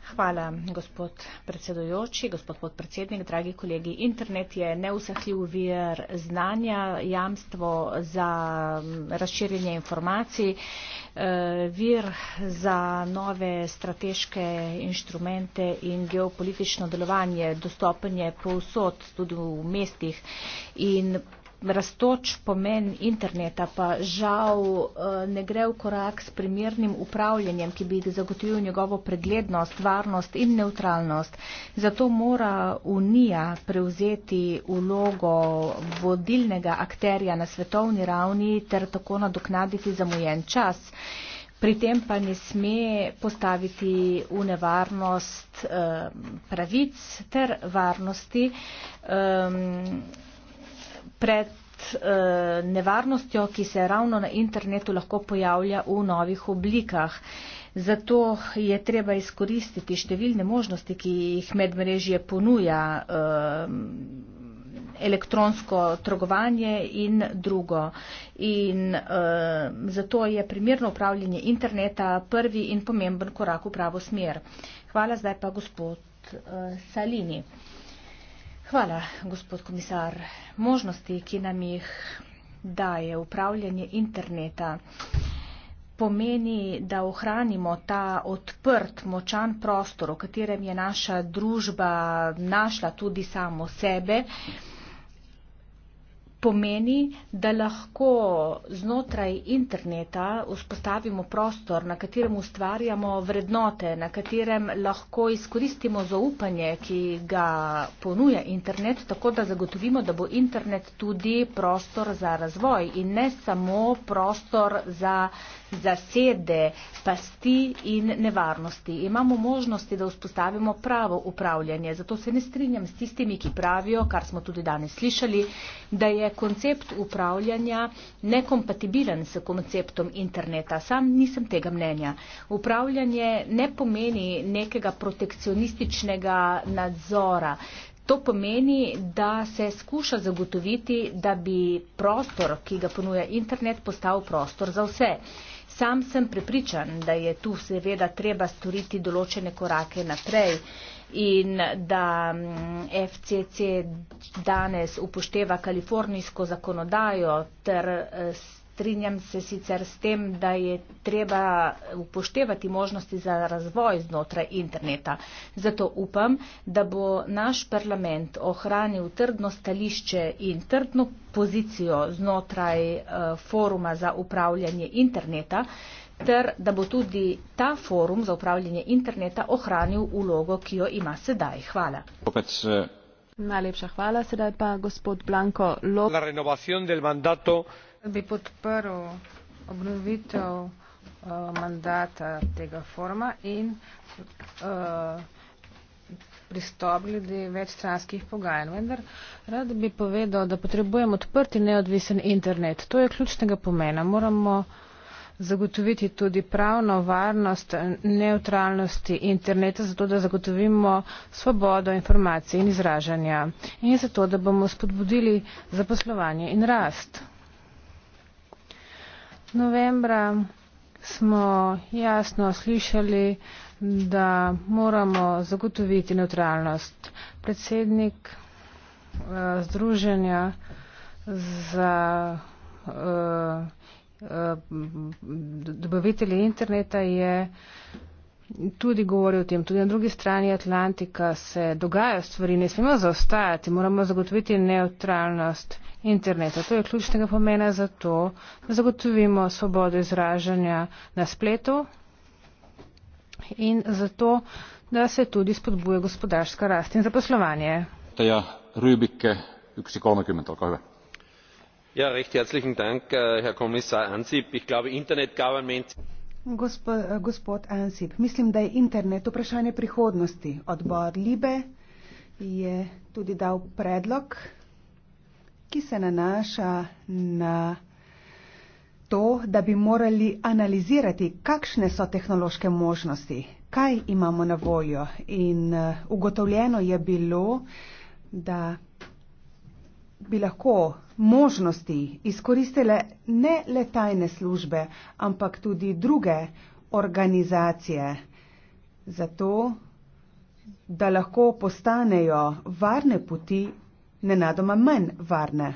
Hvala, gospod predsedojoči, gospod podpredsednik, dragi kolegi. Internet je neusahljiv vir znanja, jamstvo za razširjenje informacij, eh, vir za nove strateške inštrumente in geopolitično delovanje, dostopanje povsod tudi v mestih in rastoč pomen interneta pa žal eh, ne gre v korak s primernim upravljanjem, ki bi zagotovil njegovo preglednost, varnost in neutralnost. Zato mora Unija prevzeti vlogo vodilnega akterja na svetovni ravni ter tako nadoknaditi zamujen čas. Pri tem pa ne sme postaviti v nevarnost eh, pravic ter varnosti. Eh, pred eh, nevarnostjo, ki se ravno na internetu lahko pojavlja v novih oblikah. Zato je treba izkoristiti številne možnosti, ki jih medmrežje ponuja, eh, elektronsko trgovanje in drugo. In eh, zato je primerno upravljanje interneta prvi in pomemben korak v pravo smer. Hvala zdaj pa gospod Salini. Hvala, gospod komisar. Možnosti, ki nam jih daje upravljanje interneta, pomeni, da ohranimo ta odprt, močan prostor, v katerem je naša družba našla tudi samo sebe. Uh, pomeni, da lahko znotraj interneta vzpostavimo prostor, na katerem ustvarjamo vrednote, na katerem lahko izkoristimo zaupanje, ki ga ponuja internet, tako da zagotovimo, da bo internet tudi prostor za razvoj in ne samo prostor za zasede, pasti in nevarnosti. Imamo možnosti, da vzpostavimo pravo upravljanje. Zato se ne strinjam s tistimi, ki pravijo, kar smo tudi danes slišali, da je koncept upravljanja nekompatibilen s konceptom interneta. Sam nisem tega mnenja. Upravljanje ne pomeni nekega protekcionističnega nadzora. To pomeni, da se skuša zagotoviti, da bi prostor, ki ga ponuja internet, postal prostor za vse. Sam sem prepričan, da je tu seveda treba storiti določene korake naprej in da mm, FCC danes upošteva kalifornijsko zakonodajo ter s eh, Strinjam se sicer s tem, da je treba upoštevati možnosti za razvoj znotraj interneta. Zato upam, da bo naš parlament ohranil trdno stališče in trdno pozicijo znotraj eh, foruma za upravljanje interneta ter da bo tudi ta forum za upravljanje interneta ohranil ulogo, ki jo ima sedaj. Hvala. Opec, eh. Najlepša hvala. Sedaj pa gospod Blanko Lok bi podprl obnovitev uh, mandata tega forma in uh, pristop glede večstranskih pogajanj. Vendar rad bi povedal, da potrebujemo odprt in neodvisen internet. To je ključnega pomena. Moramo zagotoviti tudi pravno varnost neutralnosti interneta, zato da zagotovimo svobodo informacij in izražanja in zato da bomo spodbudili zaposlovanje in rast novembra smo jasno slišali, da moramo zagotoviti neutralnost. Predsednik eh, Združenja za eh, eh, dobavitelje interneta je tudi govoril o tem. Tudi na drugi strani Atlantika se dogajajo stvari, ne smemo zaostajati, moramo zagotoviti neutralnost interneta. To je ključnega pomena za to, da zagotovimo svobodo izražanja na spletu in za to, da se tudi spodbuje gospodarska rast in zaposlovanje. Ja, recht herzlichen Dank, äh, Herr Kommissar Ansip. Ich glaube, Internet Government. Gospod, äh, gospod Ansip, mislim, da je internet vprašanje prihodnosti. Odbor Libe je tudi dal predlog ki se nanaša na to, da bi morali analizirati, kakšne so tehnološke možnosti, kaj imamo na voljo. In eh, ugotovljeno je bilo, da bi lahko možnosti izkoristile ne le tajne službe, ampak tudi druge organizacije, zato da lahko postanejo varne puti nenadoma manj varne.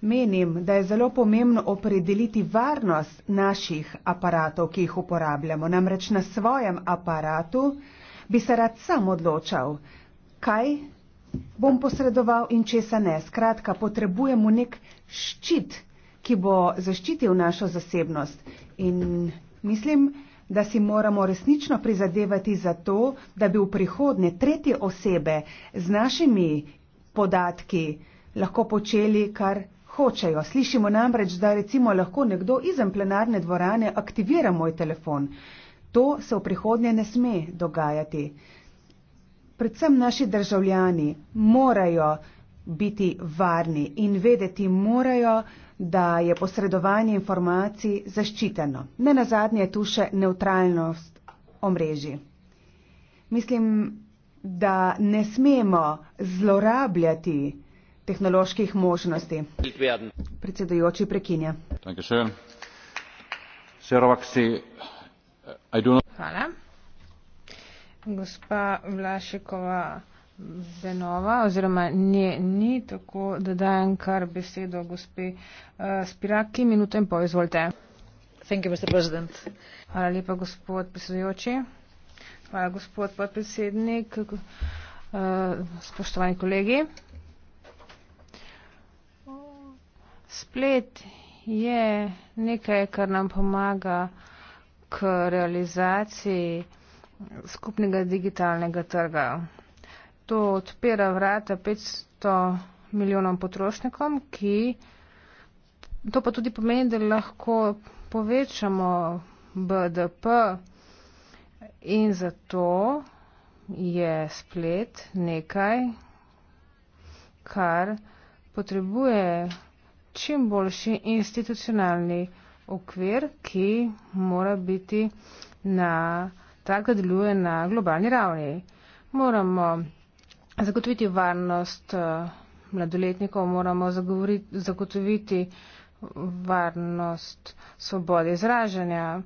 Menim, da je zelo pomembno opredeliti varnost naših aparatov, ki jih uporabljamo. Namreč na svojem aparatu bi se rad sam odločal, kaj bom posredoval in česa ne. Skratka, potrebujemo nek ščit, ki bo zaščitil našo zasebnost. In mislim, da si moramo resnično prizadevati za to, da bi v prihodnje tretje osebe z našimi podatki lahko počeli, kar hočejo. Slišimo namreč, da recimo lahko nekdo izem plenarne dvorane aktivira moj telefon. To se v prihodnje ne sme dogajati. Predvsem naši državljani morajo biti varni in vedeti morajo, da je posredovanje informacij zaščiteno. Ne nazadnje je tu še neutralnost omrežji. Mislim, da ne smemo zlorabljati tehnoloških možnosti. Predsedujoči prekinja. Hvala. Gospa Vlašikova Zenova oziroma nje ni, tako da dajem kar besedo gospe eh, Spiraki. Minuto in pol, izvolite. Hvala lepa, gospod predsedujoči. Hvala, gospod podpredsednik. Eh, spoštovani kolegi. Splet je nekaj, kar nam pomaga k realizaciji skupnega digitalnega trga. To odpira vrata 500 milijonom potrošnikom, ki to pa tudi pomeni, da lahko povečamo BDP In zato je splet nekaj, kar potrebuje čim boljši institucionalni okvir, ki mora biti na tak, da deluje na globalni ravni. Moramo zagotoviti varnost eh, mladoletnikov, moramo zagotoviti varnost svobode izražanja.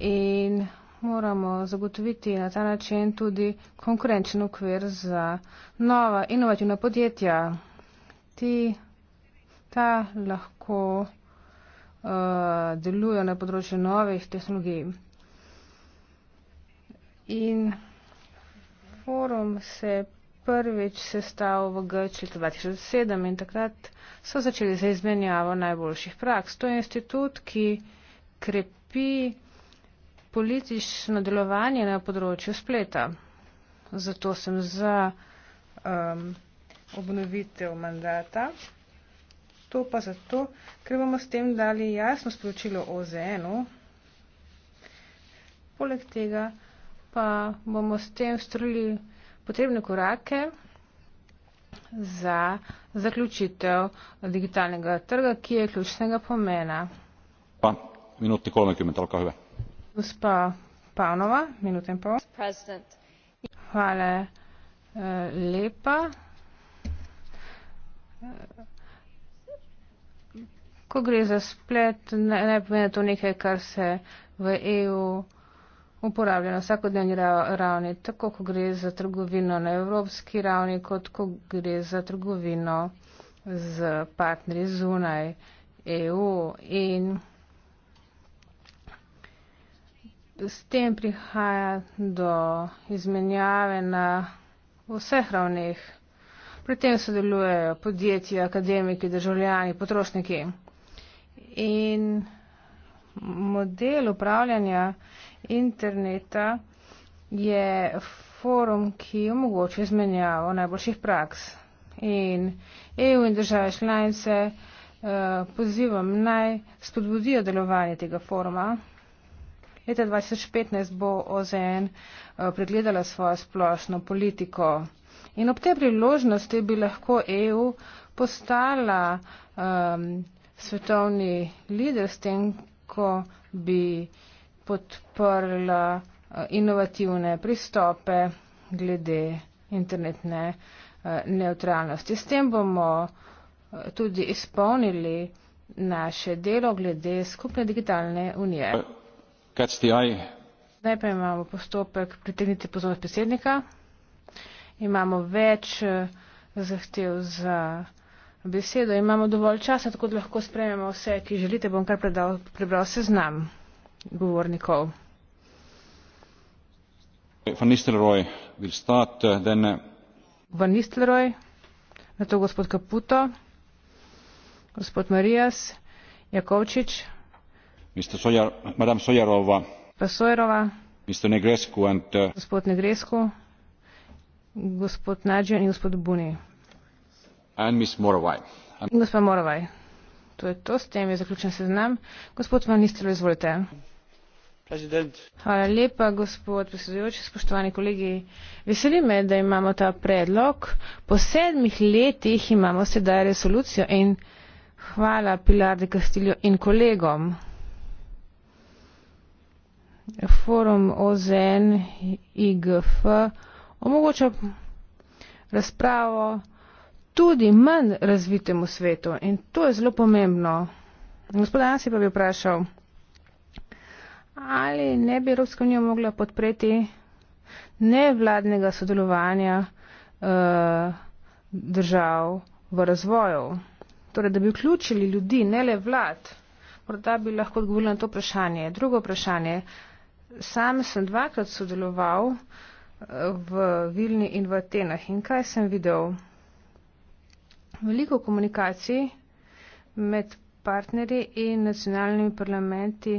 In moramo zagotoviti na ta način tudi konkurenčen okvir za nova inovativna podjetja. Ti, ta lahko uh, delujejo na področju novih tehnologij. In forum se je prvič sestal v Grči leta 2007 in takrat so začeli za izmenjavo najboljših praks. To je institut, ki krepi politično delovanje na področju spleta. Zato sem za um, obnovitev mandata. To pa zato, ker bomo s tem dali jasno sporočilo o ZN-u. Poleg tega pa bomo s tem strojili potrebne korake za zaključitev digitalnega trga, ki je ključnega pomena. Pa minutni komentar, kaj je. Gospa Pavnova, minuto in pol. Hvala eh, lepa. Ko gre za splet, naj pomeni to nekaj, kar se v EU uporablja na vsakodnevni ravni, tako ko gre za trgovino na evropski ravni, kot ko gre za trgovino z partnerji zunaj EU. In s tem prihaja do izmenjave na vseh ravneh. Pri tem sodelujejo podjetji, akademiki, državljani, potrošniki. In model upravljanja interneta je forum, ki omogoča izmenjavo najboljših praks. In EU in države članice eh, pozivam naj spodbudijo delovanje tega foruma. Leta 2015 bo OZN eh, pregledala svojo splošno politiko. In ob te priložnosti bi lahko EU postala um, svetovni lider s tem, ko bi podprla eh, inovativne pristope glede internetne eh, neutralnosti. S tem bomo tudi izpolnili naše delo glede skupne digitalne unije. Najprej imamo postopek pritegnite pozornost predsednika. Imamo več eh, zahtev za besedo. Imamo dovolj časa, tako da lahko sprememo vse, ki želite. Bom kar predal, prebral seznam govornikov. Van Nistelrooy will start, eh, then... Eh, Van Nistelrooy, nato gospod Kaputo, gospod Marijas, Jakovčič, gospa sojerova uh, gospod negrescu gospod nagyen in gospod buni in gospa morovai to je to s tem je zaključen seznam gospod van nistelrooij izvolite hvala lepa gospod predsedujoči spoštovani kolegi veseli me da imamo ta predlog po sedmih letih imamo sedaj resolucijo in hvala pilar de castillo in kolegom forum OZN IGF omogoča razpravo tudi manj razvitemu svetu in to je zelo pomembno. Gospod Ansi pa bi vprašal, ali ne bi Evropska unija mogla podpreti nevladnega sodelovanja eh, držav v razvoju. Torej, da bi vključili ljudi, ne le vlad, morda bi lahko odgovorili na to vprašanje. Drugo vprašanje, Sam sem dvakrat sodeloval eh, v Vilni in v Atenah in kaj sem videl? Veliko komunikacij med partnerji in nacionalnimi parlamenti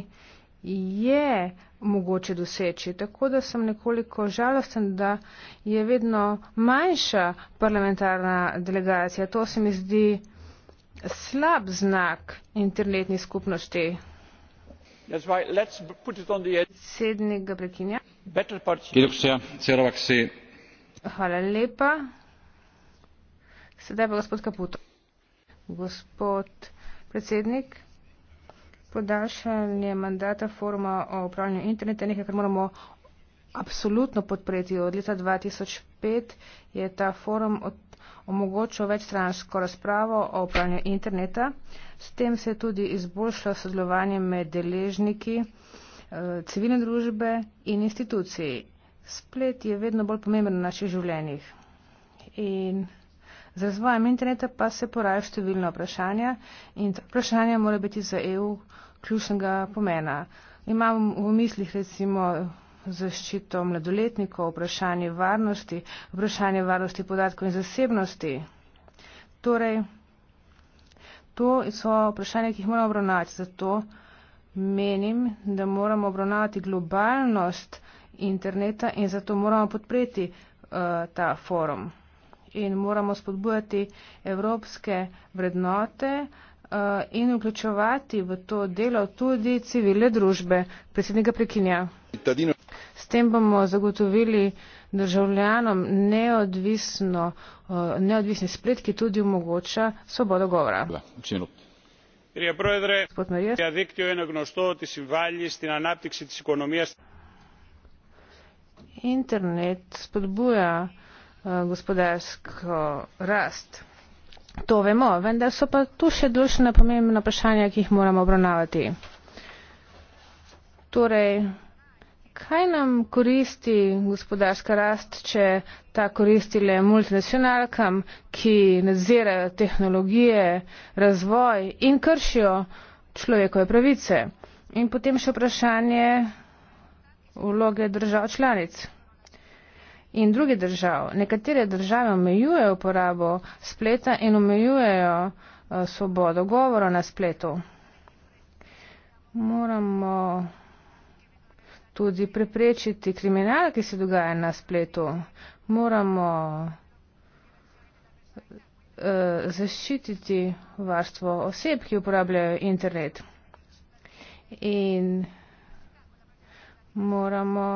je mogoče doseči, tako da sem nekoliko žalosten, da je vedno manjša parlamentarna delegacija. To se mi zdi slab znak internetnih skupnosti sedaj pa gospod caputo gospod predsednik podaljšanje mandata foruma o upravljanju interneta je nekaj kar moramo odložiti za drugi dan ker je tema tako pomembna da bi jo morali odložiti za drugi dan absolutno podpreti. Od leta 2005 je ta forum od omogočil večstransko razpravo o upravljanju interneta. S tem se je tudi izboljšalo sodelovanje med deležniki eh, civilne družbe in instituciji. Splet je vedno bolj pomemben v naših življenjih. In z razvojem interneta pa se porajajo številna vprašanja in ta vprašanja mora biti za EU ključnega pomena. Imam v mislih recimo zaščito mladoletnikov, vprašanje varnosti, vprašanje varnosti podatkov in zasebnosti. Torej, to so vprašanje, ki jih moramo obravnavati. Zato menim, da moramo obravnavati globalnost interneta in zato moramo podpreti uh, ta forum. In moramo spodbujati evropske vrednote uh, in vključevati v to delo tudi civile družbe. Predsednika prekinja. Tadino. S tem bomo zagotovili državljanom neodvisno, uh, neodvisni splet, ki tudi omogoča svobodo govora. Internet spodbuja uh, gospodarsko rast. To vemo, vendar so pa tu še določena pomembna vprašanja, ki jih moramo obravnavati. Torej, Kaj nam koristi gospodarska rast, če ta koristi le multinacionalkam, ki nadzirajo tehnologije, razvoj in kršijo človekove pravice? In potem še vprašanje vloge držav članic in drugih držav. Nekatere države omejujejo uporabo spleta in omejujejo eh, svobodo govora na spletu. Moramo tudi preprečiti kriminal, ki se dogaja na spletu. Moramo uh, zaščititi varstvo oseb, ki uporabljajo internet. In moramo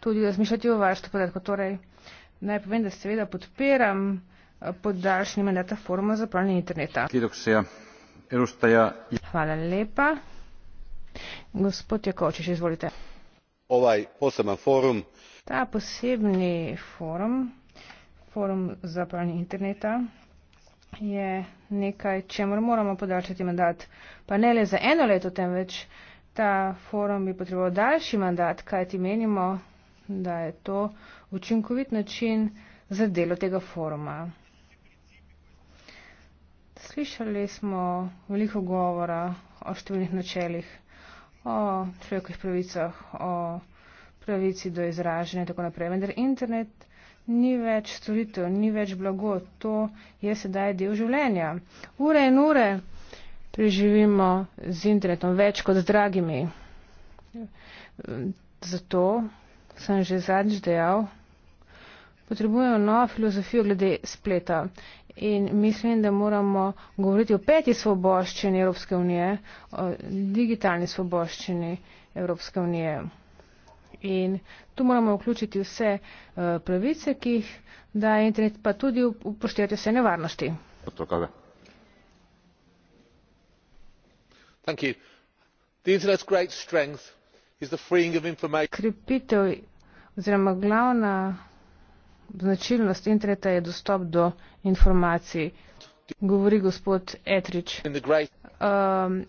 tudi razmišljati o varstvu podatkov. Torej, naj povem, da seveda podpiram eh, podaljšanje mandata foruma za pravljanje interneta. Hvala lepa. Gospod Jakočiš, izvolite ovaj poseban forum ta posebni forum forum za pranje interneta je nekaj čemur moramo podaljšati mandat pa ne le za eno leto temveč ta forum bi potreboval daljši mandat kajti menimo da je to učinkovit način za delo tega foruma slišali smo veliko govora o številnih načelih o človekovih pravicah, o pravici do izražanja in tako naprej. Vendar internet ni več storitev, ni več blago, to je sedaj del življenja. Ure in ure preživimo z internetom, več kot z dragimi. Zato sem že zadnjič dejal, potrebujemo novo filozofijo glede spleta. In mislim, da moramo govoriti o peti svoboščini Evropske unije, o digitalni svoboščini Evropske unije. In tu moramo vključiti vse uh, pravice, ki jih daje internet, pa tudi upoštevati vse nevarnosti. Krepitev oziroma glavna. Značilnost interneta je dostop do informacij, govori gospod Etrič. Um,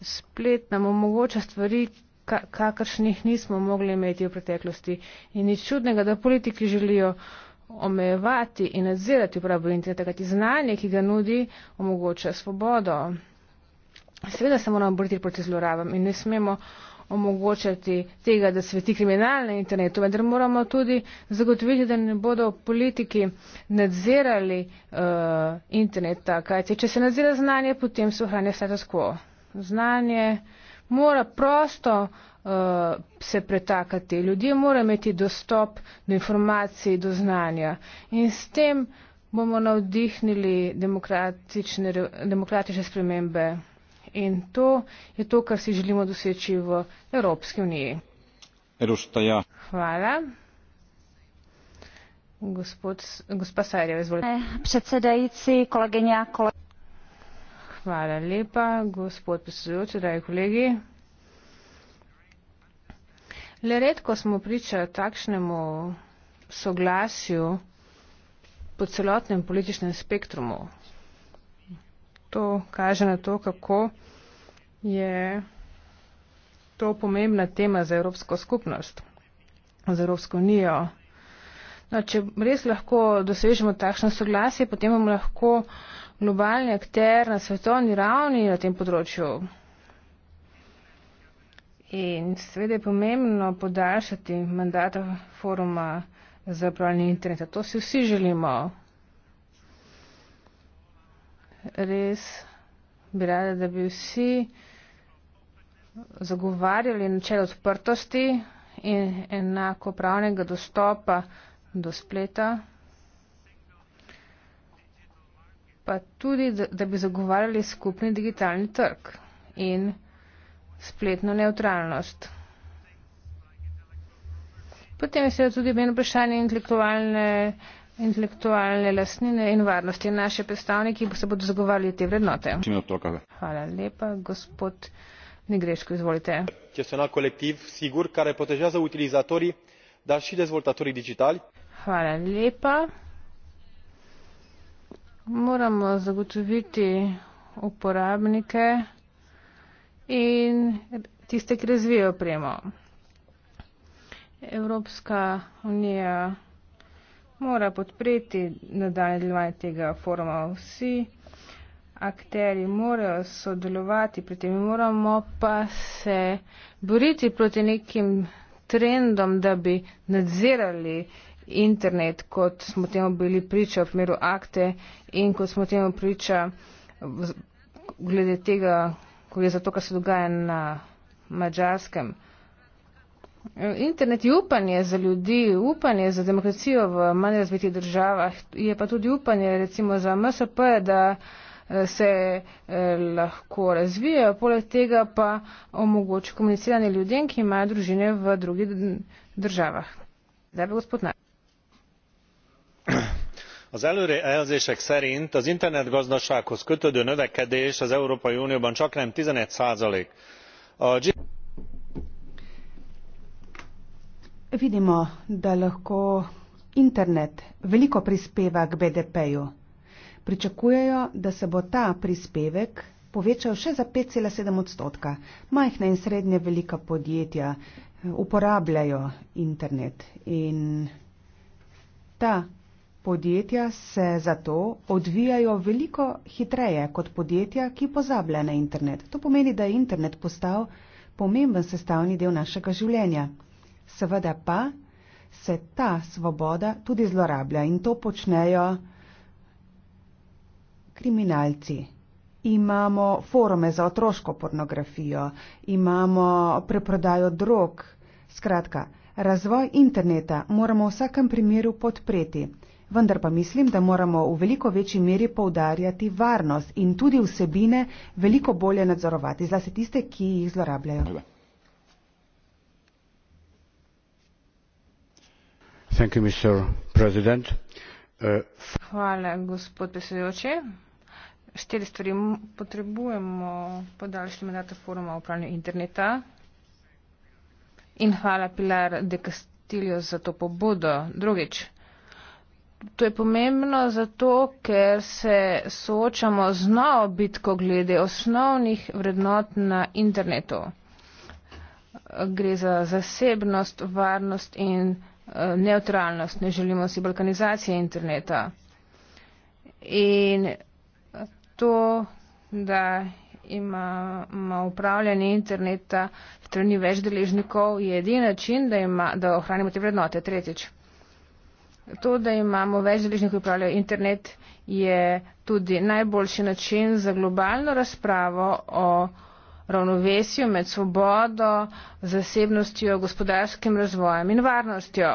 splet nam omogoča stvari, kakršnih nismo mogli imeti v preteklosti. In nič čudnega, da politiki želijo omejevati in nadzirati uporabo interneta, kajti znanje, ki ga nudi, omogoča svobodo. Seveda se moramo boriti proti zlorabam in ne smemo omogočati tega, da sveti kriminal na internetu, vendar moramo tudi zagotoviti, da ne bodo politiki nadzirali uh, interneta, kajti če se nadzira znanje, potem se ohranja status quo. Znanje mora prosto uh, se pretakati, ljudje morajo imeti dostop do informacij, do znanja in s tem bomo navdihnili demokratične, demokratične spremembe in to je to, kar si želimo doseči v Evropski uniji. Edustaja. Hvala. Gospod, gospa Sarjeva, izvolite. Predsedajci, koleginja, kolega. Hvala lepa, gospod predsedujoči, dragi kolegi. Le redko smo priča takšnemu soglasju po celotnem političnem spektrumu to kaže na to, kako je to pomembna tema za Evropsko skupnost, za Evropsko unijo. No, če res lahko dosežemo takšno soglasje, potem bomo lahko globalni akter na svetovni ravni na tem področju. In seveda je pomembno podaljšati mandata foruma za upravljanje interneta. To si vsi želimo res bi rada, da bi vsi zagovarjali načelo odprtosti in enakopravnega dostopa do spleta, pa tudi, da bi zagovarjali skupni digitalni trg in spletno neutralnost. Potem je seveda tudi meni vprašanje intelektualne intelektualne lasnine in varnosti. Naše predstavniki se bodo zagovarjali te vrednote. Hvala lepa, gospod Negreško, izvolite. Če so na kolektiv sigur, kar je poteža za utilizatori, da še dezvoltatori digitali. Hvala lepa. Moramo zagotoviti uporabnike in tiste, ki razvijajo opremo. Evropska unija mora podpreti nadaljevanje tega foruma. Vsi akteri morajo sodelovati pri tem, moramo pa se boriti proti nekim trendom, da bi nadzirali internet, kot smo temu bili priča v primeru akte in kot smo temu priča glede tega, ko je za to, kar se dogaja na Mačarskem. Internet je upanje za ljudi, upanje za demokracijo v manj razvitih državah, je pa tudi upanje recimo za MSP, da eh, se eh, lahko razvijajo, poleg tega pa omogoči komuniciranje ljudem, ki imajo družine v drugih državah. Zdaj bi gospod Naj. Az előre jelzések szerint az internetgazdasághoz kötődő növekedés az Európai Unióban csak nem 11 százalék. A GDP vidimo, da lahko internet veliko prispeva k BDP-ju. Pričakujejo, da se bo ta prispevek povečal še za 5,7 odstotka. Majhna in srednje velika podjetja eh, uporabljajo internet in ta podjetja se zato odvijajo veliko hitreje kot podjetja, ki pozabljajo na internet. To pomeni, da je internet postal pomemben sestavni del našega življenja. Seveda pa se ta svoboda tudi zlorablja in to počnejo kriminalci. Imamo forume za otroško pornografijo, imamo preprodajo drog. Skratka, razvoj interneta moramo v vsakem primeru podpreti. Vendar pa mislim, da moramo v veliko večji meri poudarjati varnost in tudi vsebine veliko bolje nadzorovati, zlasti tiste, ki jih zlorabljajo. Hvala. Uh, hvala gospod predsedujoči štiri stvari potrebujemo podaljšanje mandata foruma o upravljanju interneta in hvala pilar de castillo za to pobudo drugič To je pomembno zato, ker se soočamo z novo bitko glede osnovnih vrednot na internetu. Gre za zasebnost, varnost in neutralnost, ne želimo si balkanizacije interneta. In to, da imamo upravljanje interneta v strani več deležnikov, je edini način, da, ima, da ohranimo te vrednote. Tretjič, to, da imamo več deležnikov, ki upravljajo internet, je tudi najboljši način za globalno razpravo o ravnovesju med svobodo, zasebnostjo, gospodarskim razvojem in varnostjo.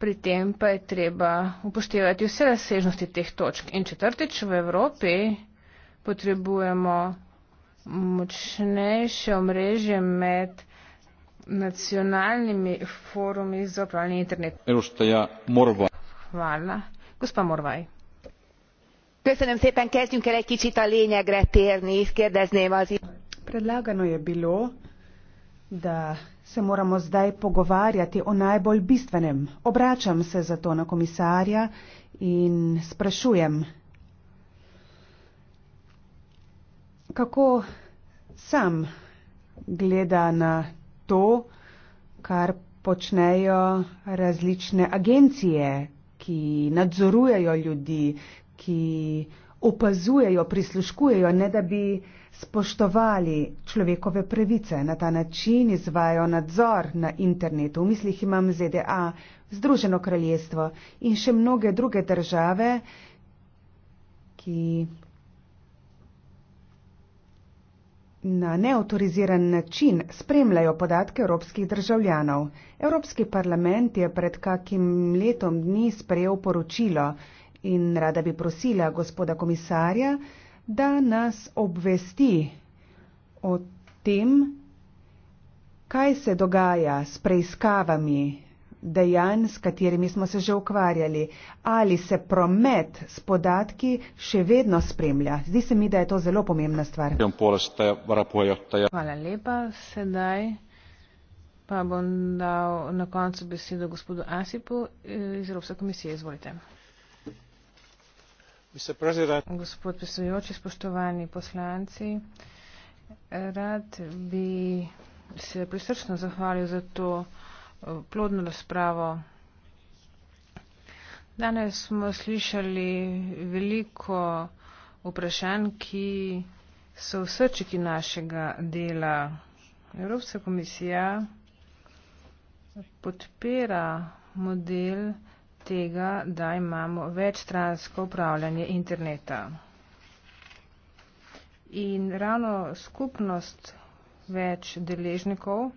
Pri tem pa je treba upoštevati vse razsežnosti teh točk. In četrtič, v Evropi potrebujemo močnejše omrežje med nacionalnimi forumi za upravljanje interneta. Ja Hvala. Gospa Morvaj predlagano je bilo da se moramo zdaj pogovarjati o najbolj bistvenem obračam se zato na komisarja in sprašujem kako sam gleda na to kar počnejo različne agencije ki nadzorujejo ljudi ki opazujejo, prisluškujejo, ne da bi spoštovali človekove pravice. Na ta način izvajo nadzor na internetu. V mislih imam ZDA, Združeno kraljestvo in še mnoge druge države, ki na neautoriziran način spremljajo podatke evropskih državljanov. Evropski parlament je pred kakim letom dni sprejel poročilo, in rada bi prosila gospoda komisarja, da nas obvesti o tem, kaj se dogaja s preiskavami dejanj, s katerimi smo se že ukvarjali, ali se promet s podatki še vedno spremlja. Zdi se mi, da je to zelo pomembna stvar. Hvala lepa. Sedaj pa bom dal na koncu besedo gospodu Asipu iz Evropske komisije. Izvolite. Gospod predsedujoči, spoštovani poslanci, rad bi se prisrčno zahvalil za to eh, plodno razpravo. Danes smo slišali veliko vprašanj, ki so v srčiki našega dela. Evropska komisija podpira model tega, da imamo večstransko upravljanje interneta. In ravno skupnost več deležnikov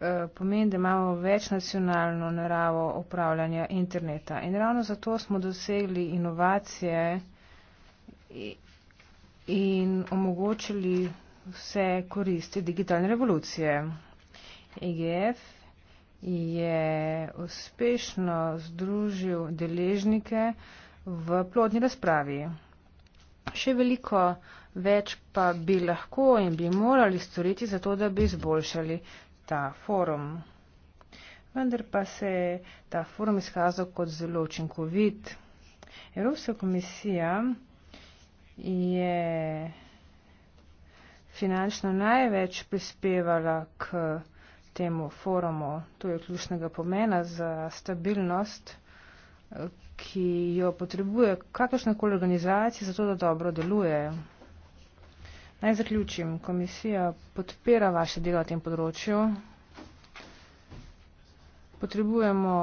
eh, pomeni, da imamo večnacionalno naravo upravljanja interneta. In ravno zato smo dosegli inovacije in omogočili vse koristi digitalne revolucije. EGF je uspešno združil deležnike v plodni razpravi. Še veliko več pa bi lahko in bi morali storiti za to, da bi izboljšali ta forum. Vendar pa se je ta forum izkazal kot zelo učinkovit. Evropska komisija je finančno največ prispevala k temu forumu. To je ključnega pomena za stabilnost, ki jo potrebuje kakršnakoli organizacija za to, da dobro deluje. Naj zaključim. Komisija podpira vaše delo na tem področju. Potrebujemo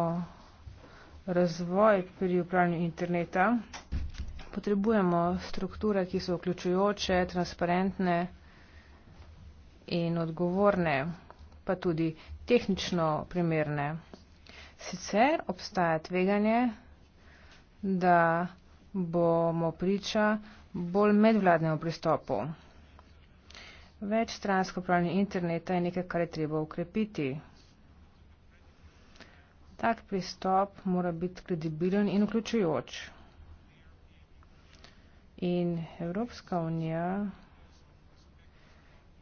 razvoj pri upravljanju interneta. Potrebujemo strukture, ki so vključujoče, transparentne in odgovorne pa tudi tehnično primerne. Sicer obstaja tveganje, da bomo priča bolj medvladnemu pristopu. Več stransko pravni interneta je nekaj, kar je treba ukrepiti. Tak pristop mora biti kredibilen in vključujoč. In Evropska unija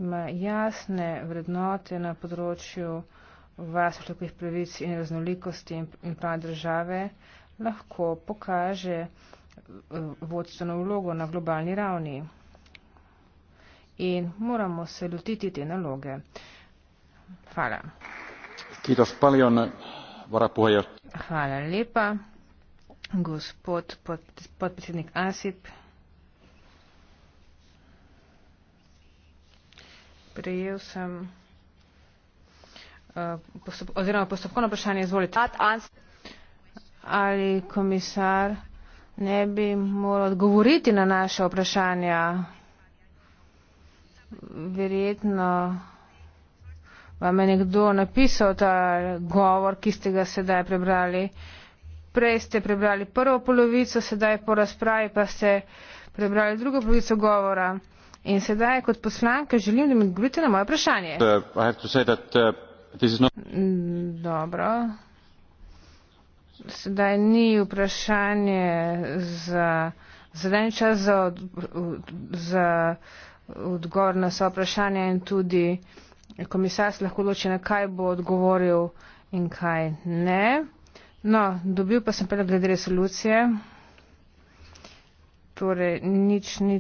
ima jasne vrednote na področju vaseljskih pravic in raznolikosti in prav države, lahko pokaže eh, vodstveno vlogo na globalni ravni. In moramo se lotiti te naloge. Hvala. Paljon, Hvala lepa, gospod podpredsednik Asip. prejel sem eh, oziroma postopkovno vprašanje, izvolite. Ali komisar ne bi moral odgovoriti na naše vprašanja? Verjetno vam je nekdo napisal ta govor, ki ste ga sedaj prebrali. Prej ste prebrali prvo polovico, sedaj po razpravi pa ste prebrali drugo polovico govora in sedaj kot poslanka želim da mi odgovorite na moje vprašanje uh, uh, mm, dobro sedaj ni vprašanje za zadnji čas za, od, za odgovor na vsa vprašanja in tudi komisar se lahko odloči na kaj bo odgovoril in kaj ne no dobil pa sem predlog glede resolucije torej nič ni